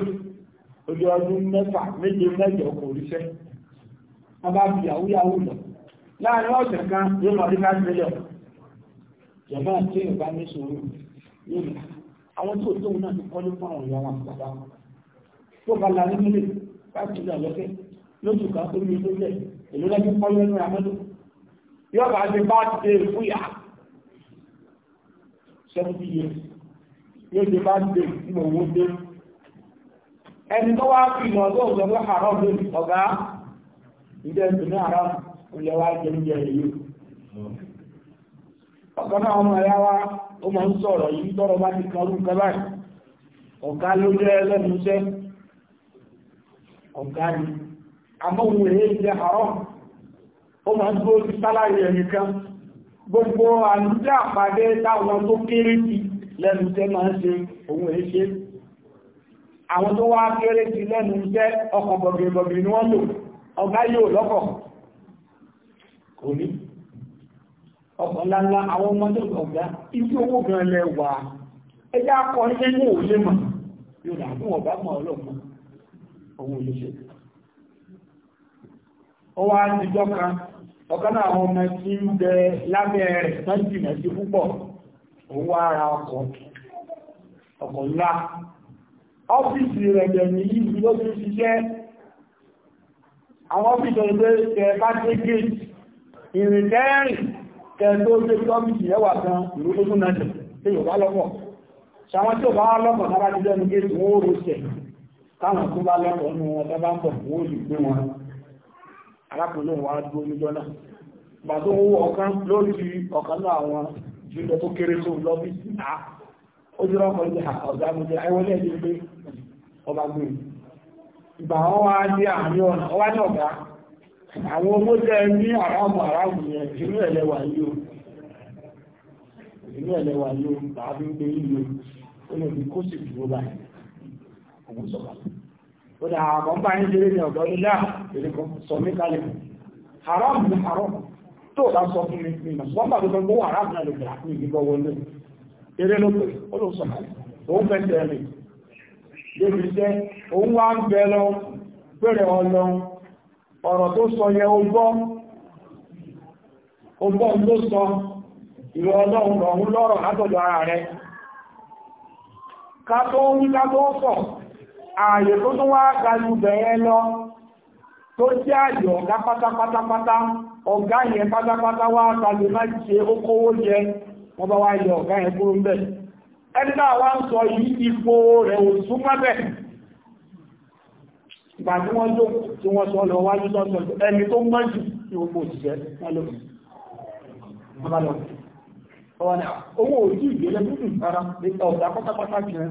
ojú ọdún mẹ́fà méje mẹ́jọ kò ríṣẹ́ wọ́n bá fi yàwúyàwú lọ láàrin ọ̀sẹ̀ kan yóò mọ̀ nípa mílíọ̀ jẹ̀mọ́ tí ìbá ní sùúrù yìí àwọn tí ò tóun náà ti kọ́lé fún àwọn ìyá wọn bàbá tó bá la nínú lè bá ti lóṣù kan tó ní ilé jẹ́ èlò lẹ́gbẹ́ pọ́ lẹ́nu àmọ́dún yóò bá ṣe bá ti dé years yóò ṣe bá ti dé tí mo dé ẹni tó wá fi ìmọ̀ tó dị pé àárọ̀ ló ọ̀gá ìdẹ́ àárọ̀ ilẹ̀ wa jẹ́ náà ọmọ ẹ̀yà wa ó ń sọ̀rọ̀ yìí tọ́rọ bá ti kan orúkọ báyìí ọ̀gá ló jẹ́ lẹ́nu àmọ́ òun èyí ilẹ̀ àárọ̀ ó máa ń gbó ti sálárì ẹ̀mì kan gbogbo àlújá àpàdé táwọn tó kéré sí lẹ́nu tẹ́ máa ń ṣe òun èyí ṣe àwọn tó wá kéré sí lẹ́nu tẹ́ ọkọ̀ bọ̀gbìnbọ̀gbì ni wọ́n lò ọgá yóò lọ́kọ̀ kò ní ọkọ̀ ńláńlá àwọn ọmọ tó ọ̀gá ibi owó gan lẹ wà ẹjá akọ ilé ní òun lè mọ̀ yóò dà fún ọ̀gá mọ̀ ọlọ́mọ òun ò ó wá ní jọ́ka ọ̀kan náà àwọn ọmọ tí ń bẹ lábẹ́ rẹ̀ sọ́jìnà sí púpọ̀ òun wá ara ọkọ̀ ọkọ̀ ńlá ọ́fíìsì rẹ̀ jẹ̀ ní ìlú ló ti ṣiṣẹ́ àwọn ọ́fíìsì rẹ̀ tẹ bá dé gate ìrìn tẹ́rìn tẹ tó dé ọ́fíìsì rẹ̀ wà kan ìlú tó tún náà jẹ̀ tí yóò ó bá lọ́pọ̀ náà ti lẹ́nu gate wọ́n ó rò ṣẹ̀ táwọn tó bá lọ́pọ̀ nínú wọn tẹ́ ń bọ̀ wọ́n lè gbé wọn arákùnrin wa dúró onye náà bà tó wó ọ̀kan lórí ọ̀kan náà àwọn jùlọ tó kéré tó lọ à ó jẹ́ ọkọ̀ ilé ọ̀gá mi jẹ́ pé ọba gbé ìgbà wọn wá ní àárín ọ̀nà ní ọ̀gá àwọn owó jẹ́ ní àrámù àrámù yẹn inú o inú ó dà àmọ́ ah, bá ń ṣeré ní ọ̀dọ́ ilá ìrìnkọ́ sọ mí kalẹ̀ haram ni haram tó bá sọ fún mi nínú wọ́n bá gbogbo gbogbo haram náà lè gbà ní ìgbọ́ wọlé eré ló pè ó ló sọ kalẹ̀ òun fẹ́ tẹ̀lé débi iṣẹ́ òun wá ń bẹ lọ pẹ̀rẹ̀ ọlọ ọ̀rọ̀ tó sọ yẹ ogbọ́ ogbọ́ ká tó ń ká ààyè tó tún wá galu bẹ̀rẹ̀ lọ tó jẹ́ ààyè ọ̀gá pátápátápátá ọ̀gá yẹn pátápátá wá galu má ṣe ó kówó jẹ wọ́n bá wá yẹ ọ̀gá yẹn kúrò ń bẹ̀ ẹni náà wá ń sọ yìí ipò rẹ̀ ò súnmọ́ bẹ̀ ìgbà tí wọ́n tó tí wọ́n sọ lọ wájú sọ́sọ̀ ẹni tó mọ́ jù ní gbogbo òṣìṣẹ́ wọ́n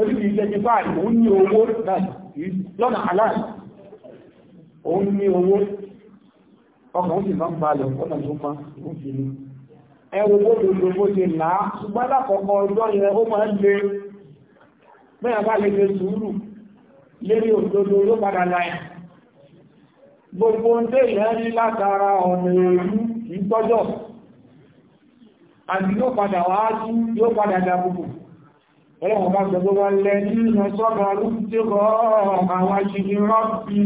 orí bí ìṣẹ́jú báyìí òun ní owó lọ́nà aláàrí òun ní owó ọkàn ó sì máa ń balẹ̀ ọ̀nà tó máa ń fi ní ẹwọ owó ṣe ṣùgbọ́n ọjọ́ yẹn ó máa ń mẹ́yàn bá lè gbogbo ń dé ìyẹn rí látara ọ̀nà tọ́jọ́ àti yóò padà wá sí ọlọ́run bá gbogbo wa lẹ nínú sọ́gbà lúkútẹ́kọ́ àwọn aṣíkí rọ́pì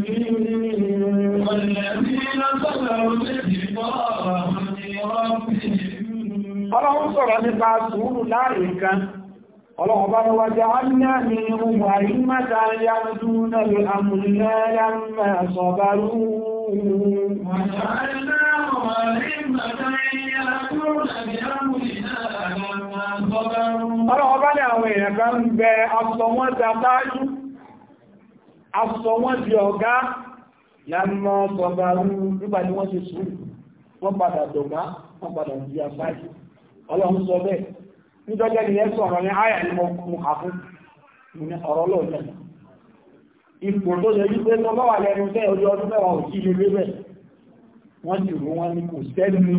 ọlọ́run sọ̀rọ̀ nípa sùúrù láàrin kan ọlọ́run bá lọ́wọ́ jẹ́ ọ́nà ní ohun àìmọ́ta yàmùdú náà àmùlẹ́ yàmùmẹ́ sọ̀bárú Wàtàrí náà wà ní ìgbàtàrí yàmùrù Ọlọ́wọ́ bá ní àwọn èèyàn kan ń bẹ aṣọ wọn ti àtáájú, aṣọ wọn ti ọ̀gá lánàá sọ̀bàrú nígbà ni wọ́n ṣe sùúrù, wọ́n padà dọ̀gá, wọ́n padà di àtáájú. Ọlọ́run sọ bẹ́ẹ̀, níjọ́jẹ́ ni ẹ sọ̀rọ̀ Wọ́n sì rú wọn ní kò sẹ́nu.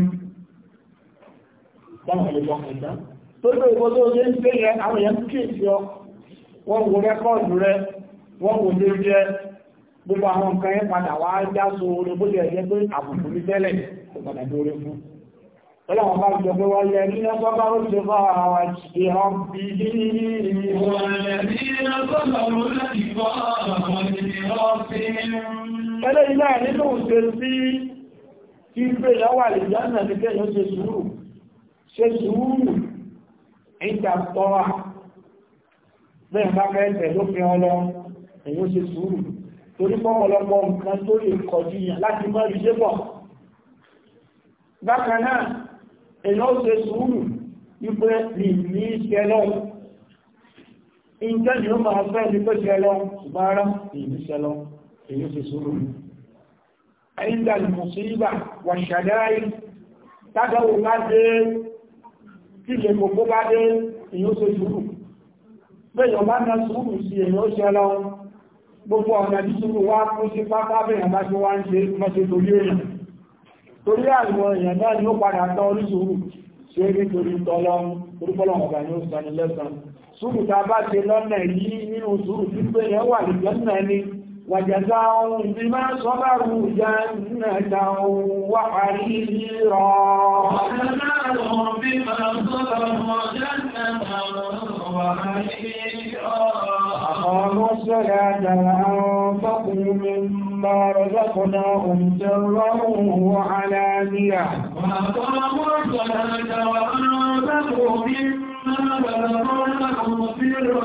Báwọn ẹ̀lẹ́gbọ́n ẹ̀dá tó tó ìbò tó ṣe ń kí ìṣọ́ wọ́n wo rẹ́kọ́ọ̀dù rẹ wọ́n wo lè jẹ gbogbo àwọn nǹkan yẹn padà wá já so orí bó ṣe lè jẹ́ ọ̀nà ní kẹ́yàn ṣe sùúrù. Ṣe sùúrù ìgbà tọ́wà bẹ́ẹ̀ bá fẹ́ tẹ̀lé òfin ọlọ èyí ó ṣe sùúrù torí pọ́pọ̀lọpọ̀ nǹkan tó lè kọjú yàn láti mọ́ ìṣe pọ̀ bákan náà èyí ó ṣe sùúrù wípé lè ní ṣe lọ ìjọ ni ó máa fẹ́ ní pé ṣe lọ ṣùgbọ́n ara èyí ṣe lọ èyí ó ṣe sùúrù ẹ̀yìn dàlùmọ̀ sí ibà wàṣàdáyì tí lè gbogbo bá dé èyí ó ṣe sùúrù bẹ́ẹ̀ ọba náà sùúrù sí èyí ó ṣe lọ gbogbo ọ̀nà tí sùúrù wá kún sí pápá bẹ́ẹ̀ bá ṣe wá ń ṣe mọ́ṣe torí èèyàn torí àwọn èèyàn náà ni ó padà tán orí sùúrù ṣe é nítorí tọ́lọ́ orúkọ́lọ́ ọ̀gá ni ó sọ ní lẹ́sàn sùúrù وجزاهم بما صبروا جنة وحريرا وجزاهم بما صبروا جنة وحريرا أقاموا الصلاة وأنفقوا مما رزقناهم سرا وعلانية وأقاموا الصلاة وأنفقوا مما رزقناهم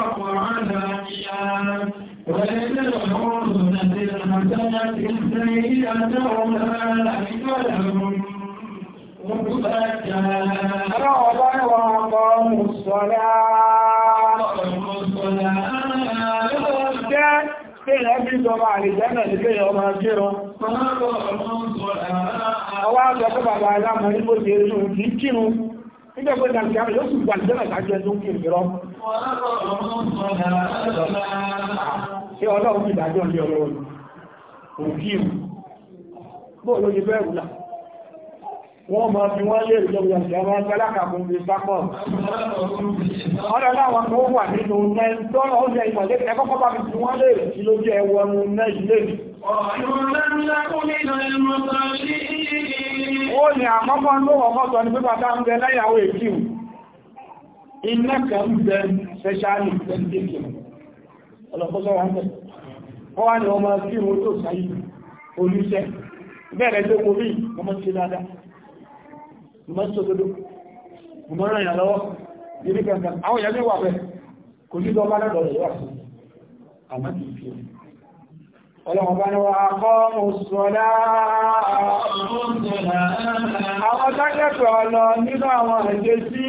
سرا وعلانية ولنذرهم نزلة السيئة ولا يعلمون رغبا وأقاموا الصلاة كان كان أبي طبعا لجنة لكي يوم أجره أولا تقبع بعضهم هل يبقى يرجو كيف nígbà pé ìdàgbé àmì yóò sì gbà ní jẹ́nà ìdájọ́ ẹjọ́ kí ìrọ̀. ṣé ọlọ́run kí ìdájọ́ ní ọ̀rọ̀ òkìrù bóò ló yẹ bẹ́ẹ̀ rúlà wọ́n máa fi wọ́n lè ìjọba ìjọba alákàkùn lè sápọ̀ ọ̀rọ̀ láwọn kan wà nínú Ó ní àmọ́mọ́ ní ọmọ́tọ̀ ní pípa tá ń bẹ láyàwó èkíù. Iná kan bẹ ṣẹ́ṣàlì pẹ̀lú ọlọ́pọ̀sọ́ wọn bẹ̀. Ó wá ní ọmọ sí ìwò tó sáyé olúṣẹ́. Bẹ́ẹ̀rẹ̀ tó kò rí ọmọ sí dáadáa. Mọ́ sódodo, mọ́ ràn yà lọ́wọ́, ìrí kankan, àwọn ìyàgbé wà bẹ̀, kò ní Ọlọ́run bá ní wà kọ́ òṣùọ́lá àwọn tágẹ́kọ̀ ọlọ nínú àwọn àjẹ́ sí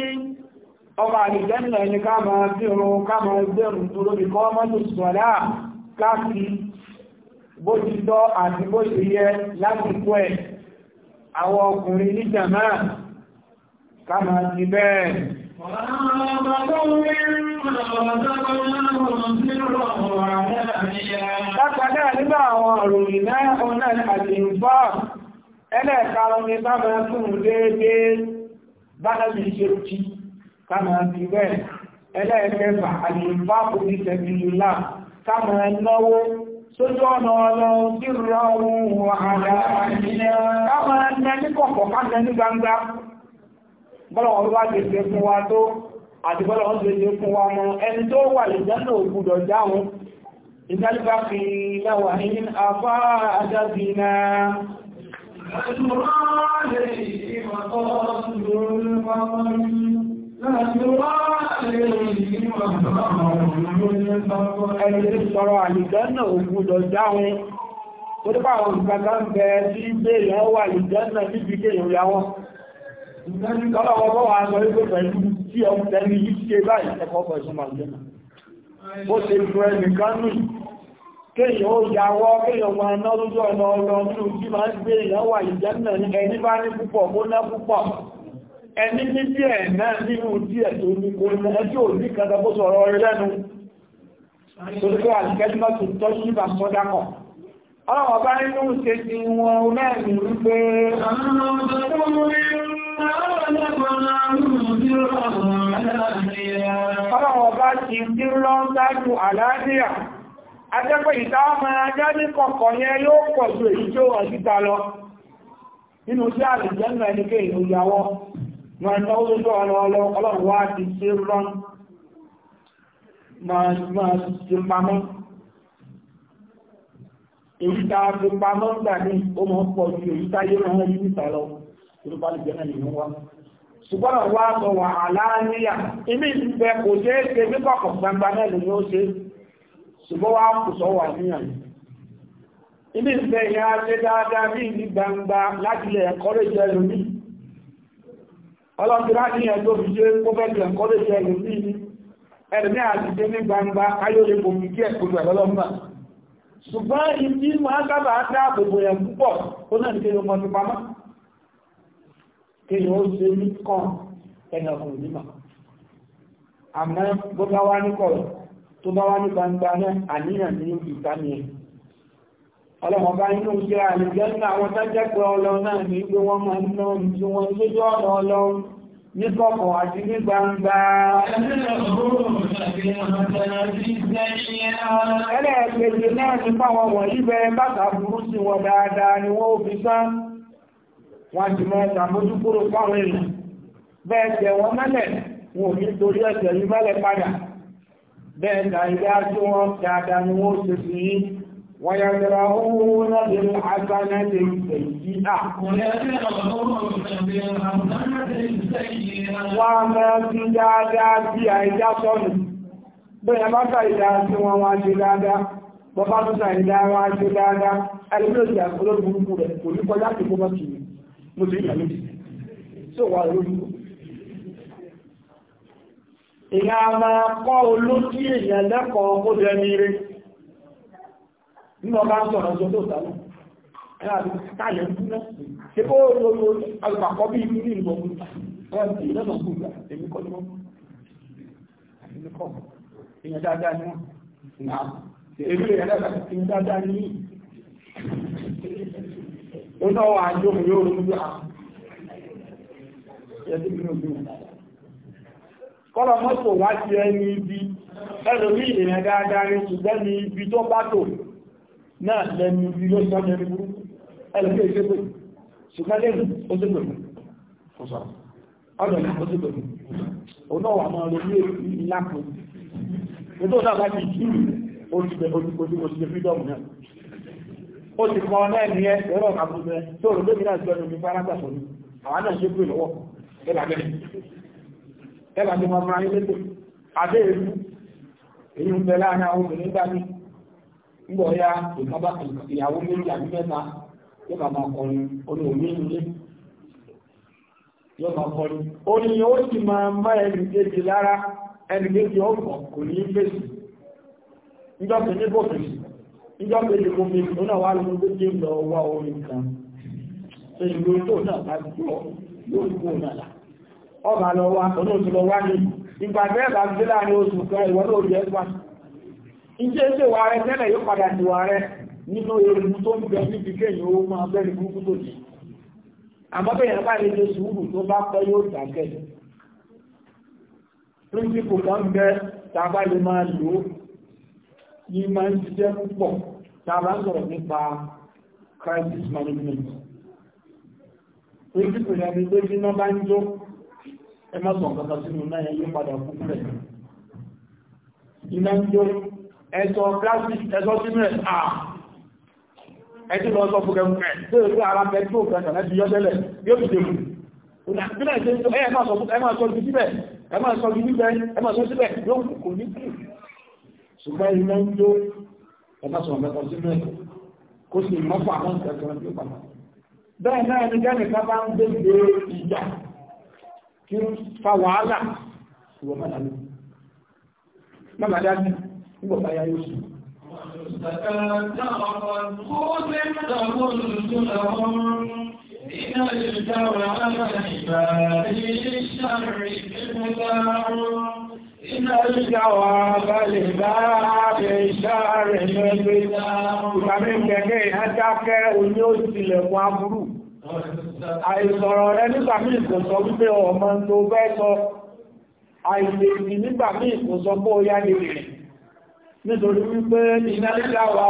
ọmọ àrìjẹ́nà ẹni ká máa bí irun ká máa gbẹ̀rùn tó lóbi kọ́ mọ́jú sọ̀lá káàkiri àti bó ti ẹ̀ àwọn ọkùnrin Lápàdá nígbà àwọn àròyìn náà ọ̀nà àti ìfà ẹlẹ́ẹ̀karùn ni bá máa fún déédé bánàbí ṣe kí kàmà ti rẹ̀ ẹlẹ́ẹ̀kẹfà àti ìfà kò ní tẹ̀bìlúlá kàmà náwó sójú ọ̀nà ọlọ́run tí rọ ohun wàhálà kàmà ní ẹni kọ̀kọ̀ àti bọ́lá wọ́n tẹ́lẹ̀ fún wa mọ́ ẹni tó wà lè jẹ́nà ògbùdọ̀ jáun ìdálíbá fi lẹ́wà ní afá àjábìnà Ẹni sọ̀rọ̀ àlìjẹ́nà ògbùdọ̀ jáun tó dípà àwọn ìgbàgbà ń bẹ sí ilé ìyàwó àlìjẹ́nà níbi ilé ìyàwó. Ìgbẹ́ni kọ́lọ̀ wọ́n bọ́ wà sọ wípé pẹ̀lú tí ọmọ tẹ́lú yìí ṣe báyìí ẹ̀kọ́ pẹ̀lú màjẹ́nà bó ṣe fún ẹnìkan nù kéèyàn ó yàwọ́ kéèyàn ma ná lójú ọ̀nà ọ̀rọ̀ tí máa ń gbé èèyàn wà ìjẹ́nà ní ẹni bá ní púpọ̀ kó ná púpọ̀ ẹni ní díẹ̀ náà nínú díẹ̀ tó ní kó ní ẹjọ́ òní kẹta bó sọ̀rọ̀ ọrẹ lẹ́nu torí pé àlùkẹ́jùmọ́ tó tọ́ sí ìbà sọ́dákọ̀ ọlọ́wọ́ bá nínú ṣe ti wọn náà ní wípé àwọn ọmọ fọ́lọ́wọ́ bá ti tí ń lọ sáájú àlàáfíà ajẹ́pẹ́ ìta ọmọ ajá ní kọ̀kọ̀ yẹn yóò pọ̀ ju èyí tó wọ́n síta lọ nínú sí àlùjẹ́nà ẹnikẹ́ ìròyàwó wọn ẹ̀nà ó lójú ọ̀nà wá ti tí ń lọ ṣùgbọ́n wá sọ wà aláàníyà ilé ìfẹ́ kò ṣe é ṣe nípọ̀kọ̀ gbangba náà lè yóò ṣe ṣùgbọ́n wá kò sọ wà níyàn ilé ìfẹ́ ìyá ṣe dáadáa ní ìlú gbangba láti lè encourage ẹlòmí ọlọ́dúnrà ní ẹjọ́ fi ṣe kó fẹ́ lè encourage ẹlòmí ní ẹlòmí àti ṣe ní gbangba ayọ́lẹ̀ omi kí ẹ̀kọ́lù ẹ̀lọ́lọ́mà ṣùgbọ́n ìdí máa sábà dáàbòbò yẹn púpọ̀ ó náà ní kí kí ni ó ṣe ní kàn ẹnà fún ìlímà àmọ́ bó bá wá ní kọ̀rọ̀ tó bá wá ní gbangba náà àníyàn ní ìtàmì ẹ̀ ọlọ́mọba inú ṣe àlùjẹ́ ní àwọn tẹ́jẹ́ pé ọlọ́run náà ní pé wọ́n máa ń ná ju wọn lójú ọ̀nà ọlọ́run ní kọ̀kọ̀ àti ní gbangba ẹlẹ́ẹ̀kejì náà ní fáwọn wọ̀nyí bẹ́ẹ̀ bàtà burú sí wọn dáadáa ni wọ́n ò fi sán wọ́n ti máa ṣàmójú kúrò fáwọn èèyàn bẹ́ẹ̀ tẹ̀ wọ́n mẹ́lẹ̀ wọn ò ní torí ẹ̀sẹ̀ yìí mẹ́lẹ̀ padà bẹ́ẹ̀ nà ilé ájú wọn dáadáa ni wọ́n ṣe sí yí wọ́n yà jẹ́ra owó láti mú agbáná lè fẹ̀ yí à. wọ́n á máa fi dáadáa bí àìjá sọ́nù bẹ́ẹ̀ bá ta ìdá tí wọ́n wá ṣe dáadáa bọ́ bá tó ta ìdá wá ṣe dáadáa ẹlẹ́gbẹ̀rẹ̀ ìjà olóògùn rẹ̀ kò ní kọjá tó kó bá kìí mo ti yà lójú tó wà lójú ìyá máa kọ́ olójú èèyàn lẹ́kọ̀ọ́ ó jẹ́ ní ire nínú ọba ń sọ̀rọ̀ ọjọ́ tó sálọ ẹ̀rọ àti káyẹ̀ ń kúná ṣe ó lórí alùpàkọ́ bí inú ní ìbọn iná wà ájò mú yóò rí bí kọ́lọ̀ mọ́tò wá sí ẹni ibi ẹlòmí ìrìnà dáadáa ní ṣùgbẹ́ ní ibi tó bá tò náà lẹ́nu ibi ló sọ jẹ́ nígbú ẹlòmí ìṣẹ́gbẹ̀ ṣùgbẹ́ lẹ́nu ó sì pẹ̀lú ọ̀dọ̀ ní ó sì pẹ̀lú ọ̀nà wà máa lè ní ìlàpọ̀ nítorí náà bá ti ìjú ó ti kọ náà ní ẹ ẹ̀rọ àbúgbẹ́ tó rò lóbi náà jọ lóbi fara gbà fún àwọn náà ṣe pé lọ́wọ́ ẹ̀là bẹ́ẹ̀ máa ń lẹ́tọ̀ adé èyí ń bẹ láàrin àwọn obìnrin ní ya ìyàwó ìjọ méjì kó fi ìlú náà wá lóun tó dé lọ wá orin kan tó ìlú tó náà bá gbọ́ yóò gbó náà là ọba lọ wá ọ̀nà òsì lọ wá ní ìgbà bẹ́ẹ̀ bá gbé láàrin oṣù kan ìwọ náà jẹ́ pa iṣẹ́ ṣe wà rẹ tẹ́lẹ̀ yóò padà sí wà rẹ nínú ewu tó ń bẹ níbi kéèyàn ó máa bẹ́ẹ̀ kúkú tó jì àmọ́ bẹ́ẹ̀ yẹn bá lè ṣe sùúrù tó bá pẹ́ yóò dàgẹ́ píríncípù kan bẹ tá a bá lè máa lò ó yìí máa ń ṣiṣẹ́ púpọ̀ tá a bá sọ̀rọ̀ nípa crisis management ojú kò yàgbé pé bí wọ́n bá ń jó ẹ má sọ nǹkan kan sínú náà yóò padà kú rẹ̀ iná ń jó ẹ̀sọ́ plastic ẹ̀sọ́ sínú ẹ̀ à ẹ̀sì lọ sọ fún kẹfún ẹ̀ tó èrú ara pẹ̀lú òkèèkè láti yọ tẹ́lẹ̀ yóò fi dèmù ìdàkílẹ̀ ṣe ń tó ẹ̀ máa sọ fún ẹ̀ máa sọ ju síbẹ̀ ẹ̀ máa sọ ju síbẹ̀ ẹ̀ máa sọ síbẹ̀ yóò kò ní kú ṣùgbọ́n iná ń jó ẹ̀ka sọ̀rọ̀ sí mẹ́kọ̀ kó sì mọ́fà àwọn ìṣẹ̀kọ̀rọ̀ tí ó bẹ́ẹ̀ náà ni jẹ́ bá ń gbé gbé ìjà kí ń fa wàhálà ìwọ̀n mọ́lá ní mọ́lá ní ìwọ̀n bá yá yóò sùn إن الجوع بالباع إن الجواب لباع lára rẹ̀ lọ ẹgbẹ́ ìgbàmí kẹ̀kẹ́ ìhájákẹ́ oní òsìlẹ̀kùn aburú àìsọ̀rọ̀ rẹ̀ nígbàmí ìkòsọ wípé ọmọ tó fẹ́ sọ àìlèsì nígbàmí ìkòsọ bó yá lè rẹ̀ nítorí wípé iná líláwà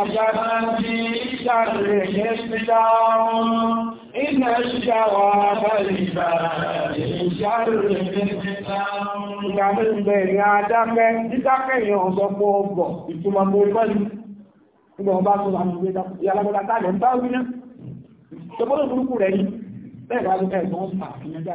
agbára ní ìṣàrẹ̀ ẹ̀yẹ́ sí dáhùn إن الشواب العباد شر Ìgbàmí ìgbẹ̀ ìrìn àdákẹ́, dídákẹ́ ìyàn ọ̀sọ̀ fún ọgbọ̀ ìtumọ̀ mú ìgbọ́lì. Ìgbà ọba tó wà ní ìgbé ìyàlágbọ́lá tààlẹ̀ ń bá wí náà. Ṣọ́bọ́lọ̀ burúkú rẹ̀ yìí, bẹ́ẹ̀ bá ló bẹ́ẹ̀ tó ń pàtàkì ní ọjọ́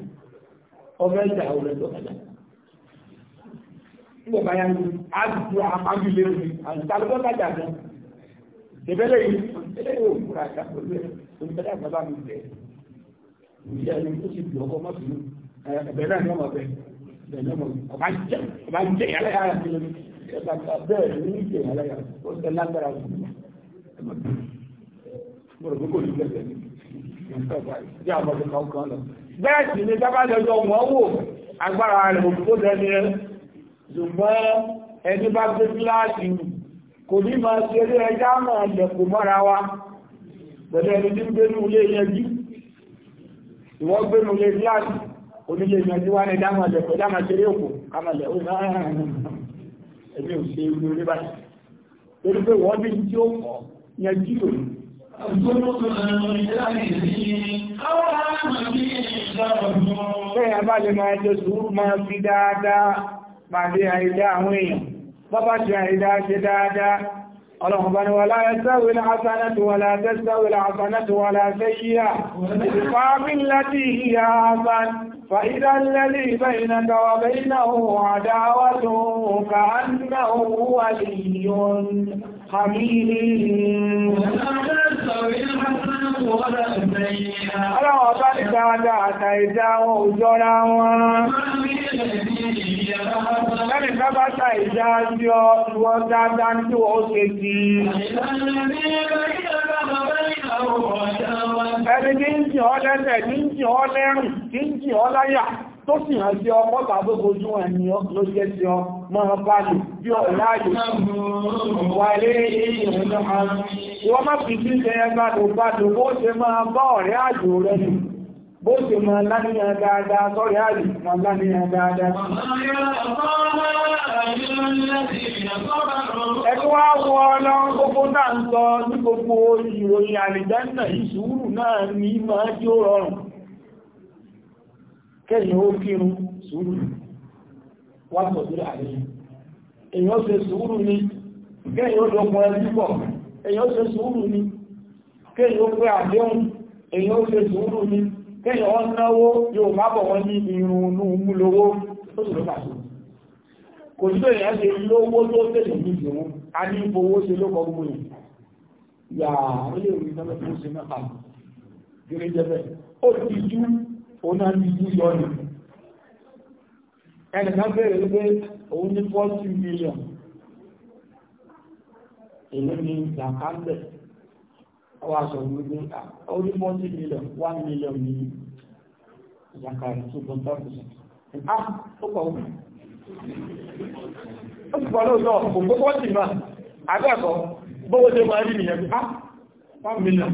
ọmọ ẹ̀yà ọ̀rẹ́ tó kẹlẹ̀. Nígbà bá yá ní àdùkú àpájúlé omi àtàlùkọ́ kájà gan. Ìbẹ́lẹ̀ yìí, ìbẹ́lẹ̀ yóò múra ká pẹ̀lú olùbẹ́lẹ̀ àgbàbá mi bẹ̀. Ìyá ẹni tó ti dùn ọkọ mọ́sùlùmí, ẹ̀bẹ̀ náà ni ọmọ bẹ̀. Ọba jẹ́ ìyá lẹ́yà rẹ̀ sílẹ̀ bẹ́ẹ̀ ní ìjẹ́ ìyá lẹ́yà rẹ̀, ó tẹ lágbára òkú. Mo rò pé kò ní bẹ̀rẹ̀ ní ìjọba yìí, jẹ́ àwọn ọmọdé kan kan lọ bẹ́ẹ̀ sì ni sábàjọjọ wọ́n wò agbára rẹ̀ òkú lẹ́ni ẹ ṣùgbọ́n ẹni bá gbé gíláàsì kò ní máa ṣeré ẹjá máa lẹ̀kùn mọ́ra wa pẹ̀lú ẹni tí ń gbé ní ilé yẹjú ìwọ́n gbé ní ilé gíláàsì onílé yẹjú wá ní dáhùn ẹ̀lẹ̀kùn dáhùn ṣeré òkú kàmàlẹ̀ ó náà ẹ̀mí ah, ah, ah, ò ṣe ìlú orí báyìí torí pé wọ́n bí tí ó yẹjú lòdì Bẹ́ẹ̀ a bá lè máa jẹ́ sùúrù máa fi dáadáa pàdé àìdá àwọn èèyàn. Bọ́bá ti àìdá ṣe dáadáa. Ọlọ́run bá ní wà láyé sáwé láàásánátò wà láàásẹ́ sáwé láàásánátò wà láàásẹ́ yíyà. Fàábí láti ìyá àásán, fàídá lẹ́lẹ́ ìbẹ́ ìnàkà wà bẹ́ iná ohun àdáwà tó kàá nínú ohun wà lè yọ Ọlọ́run ọba ti dáadáa àtà ìdá wọn ò jọra wọn. Lẹ́nì bábá ta ìdá sí ọ wọ́n dáadáa tí wọ́n ṣe ti. Ẹni tí ń jìn ọ lẹ́sẹ̀, tí ń jìn ọ lẹ́rùn, tí ń jìn ọ láyà. tó sì hàn sí ọ mọ́ta tó gojú wọn ni ọ ló jẹ́ sí ọ bí ọ wà lé ìwọ́n má fi bó ṣe máa bá ọ̀rẹ́ àjò rẹ̀ dáadáa dáadáa ẹ̀kọ́ wá ọlọ́run gbogbo náà ń sọ ní kẹ́yìn ó kírun sùúrù wá sọ sí èyàn ṣe sùúrù ni kẹ́yìn ó dọ̀pọ̀ ẹbí pọ̀ èyàn ṣe sùúrù ni kẹ́yìn ó pé àdéhùn èyàn ṣe sùúrù ni kẹ́yìn ó náwó yóò má bọ̀ wọ́n ní irun inú mú lówó tó sì ló sí kò sí bẹ́ẹ̀ yẹn ṣe lówó tó tẹ̀lé ní ìṣòro a ní owó ṣe ló gbogbo yìí yàá ó lè rí sọ́mọ́ tó ṣe mẹ́ta gẹ́gẹ́ bẹ́ẹ̀ ó ti dú ọ̀nà ní yíyọ ni ẹnìkan bèèrè wípé òun ní 40 million èlé ní ìgbàkánlẹ̀ ọwọ́ aṣọ wípé ó ní 40 million 1 million ní ìyàkàrí 2.5% ah ó pọ̀ ó ti pọ̀ lóòtọ́ kò kókó sí máa àgbẹ́kọ̀ọ́ bówó tẹ́ ah 1 million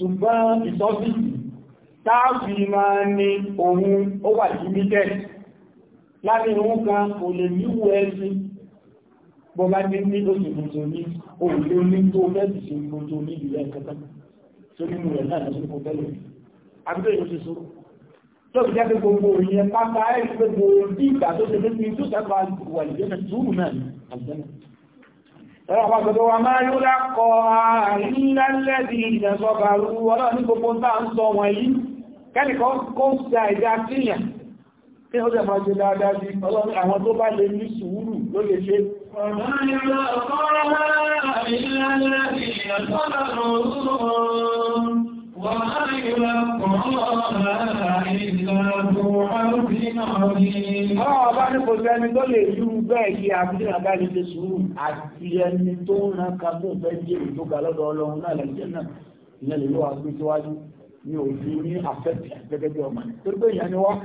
ṣùgbọ́n ìtọ́sí táàfì máa ní ohun ó wà sí mítẹ̀ láti ohun kan kò lè níwò ẹ̀sí bọ́bá ní ní oṣù tuntun ní òun ló ní tó mẹ́sì sí gbogbo ní ìlẹ̀ kẹta tó nínú rẹ̀ náà lọ́sí kò tẹ́lẹ̀ àbúrò ìlú ti sọ tó fi jẹ́ gbogbo ìyẹn pátá ẹ̀ gbogbo bí ìgbà tó ṣe lé ní tó sẹ́kọ̀ọ́ ọ̀pọ̀lọpọ̀ wa máa yóò lákọ̀ àìlẹ́lẹ́dì ìjẹsọ́bàrú ọlọ́rọ̀ ní gbogbo tàà ń sọ wọn yìí kẹ́nìkan kó sí àìjá síyàn tí ó jẹ àwọn tó bá lè ní sùúrù ló ọ̀rọ̀ وما يلقى الله إلا ذو حظ عظيم. Báwa bá ní kò sẹ́ni tó lè yú bẹ́ẹ̀ kí àfihàn bá lè ṣe sùúrù àti ẹni tó ń ran kan tó fẹ́ jẹ́ ìdóga lọ́dọ̀ ọlọ́run náà lẹ́jẹ̀ náà ìyẹn lè lọ́wọ́ gbé síwájú ní òfin ní àfẹ́tì gẹ́gẹ́ bí ọmọ ní. Torí pé ìyẹn ni wọ́n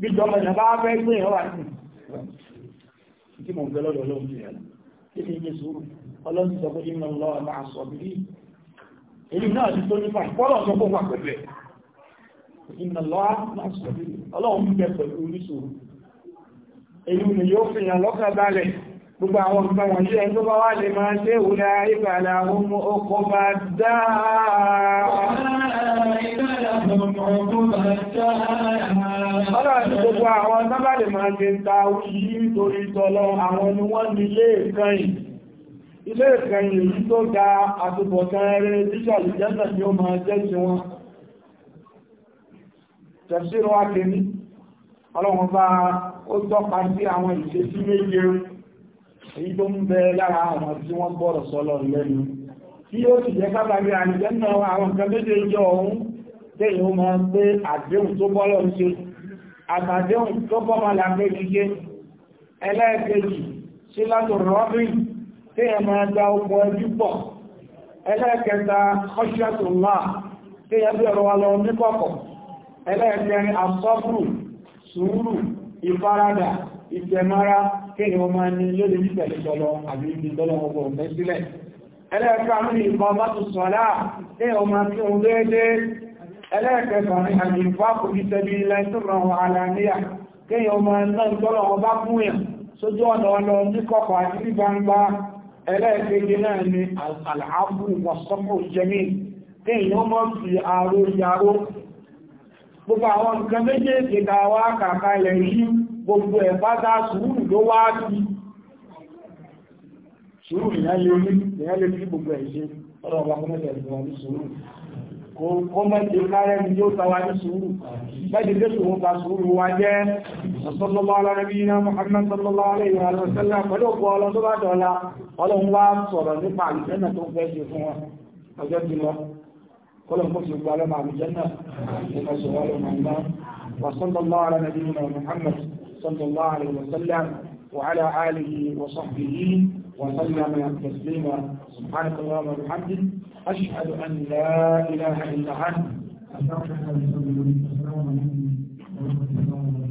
bí ìjọba ìyẹn bá fẹ́ gbé ìyẹn wà ní. Tí mo ń fẹ́ lọ́dọ̀ ọlọ́run ti yẹn. Kí ni iye sùúrù? Ọlọ́run sọ pé ìmọ̀ lọ́wọ́ máa sọ bí èyí náà ti tó nípa ìpọ́lọ̀ tó kó wà pẹ̀lú ẹ̀ ìnàlọ́wà máa sọ̀rọ̀ ọlọ́run ń bẹ pẹ̀lú oníṣòro èyí ni yóò fi hàn lọ́kàn balẹ̀ gbogbo àwọn nǹkan wọ̀nyí ẹni tó bá wà lè máa ṣe ìwúlẹ̀ ìbàlẹ̀ àwọn ọmọ ọkọ̀ bá dáa ọlọ́run gbogbo àwọn tábàlẹ̀ máa ṣe ta orí nítorí tọ́lọ àwọn ni wọ́n nílé ìkẹyìn ilé ìkẹyìn èyí tó ga àtúbọ̀tán eré títà ìjẹ́sẹ̀ tí ó máa jẹ́ sí wọn tẹ̀síro akẹni ọlọ́run bá ó tọ́pa sí àwọn ìṣesí méje èyí tó ń bẹ lára àwọn tí wọ́n bọ̀rọ̀ sọ́lọ̀ lẹ́nu tí ó sì jẹ́ kábàrí àìjẹ́nà àwọn nǹkan méje ìjọ ọ̀hún tẹ́yìn ó máa gbé àdéhùn tó bọ́lọ̀ ń ṣe àtàdéhùn tó bọ́ máa làgbé ṣiṣẹ́ ẹlẹ́ẹ̀kejì sí látò rọ́bìn tí ẹ máa dá ẹbí pọ̀ ẹlẹ́ẹ̀kẹta ọṣẹ́tùnmá kí ẹ bí ọ̀rọ̀ wa ní lórí ní tẹ́bí ilẹ̀ tó ọmọ ẹlẹ́ẹ̀kejì náà ni àlàáfù wọ̀sọ́pọ̀ jẹmí tí èyàn mọ́ fi àrò yàró gbogbo àwọn nǹkan méjèèjì dáwà kàkà ilẹ̀ yìí gbogbo ẹ̀bátá sùúrù ló wá sí sùúrù ìyá lè rí gbogbo ẹ̀ṣẹ́ ọ̀rọ̀ ọ̀bá kó mọ́tí kárẹ́ ni yóò tàwà ní sùúrù bẹ́ẹ̀dì lè sùúrù ta sùúrù wa jẹ́ sallallahu alaihi Muhammad sallallahu alaihi wa sallam pẹ̀lú ọkọ̀ ọlọ́n tó bá dọ̀la ọlọ́n wá sọ̀rọ̀ nípa àlùjẹ́nà tó fẹ́ ṣe fún wọn ọjọ́ ti lọ kọlọ̀ kó sì gba lọ́mọ àlùjẹ́nà nípa ṣe wọ́n lọ́mọ àlùmọ́ wa sallallahu ala nabiyyina Muhammad sallallahu alaihi wa sallam wa ala alihi wa sahbihi wa sallama taslima subhanahu wa ta'ala wa bihamdihi أشهد أن لا إله إلا أنت أشهد أن لا إله إلا أنت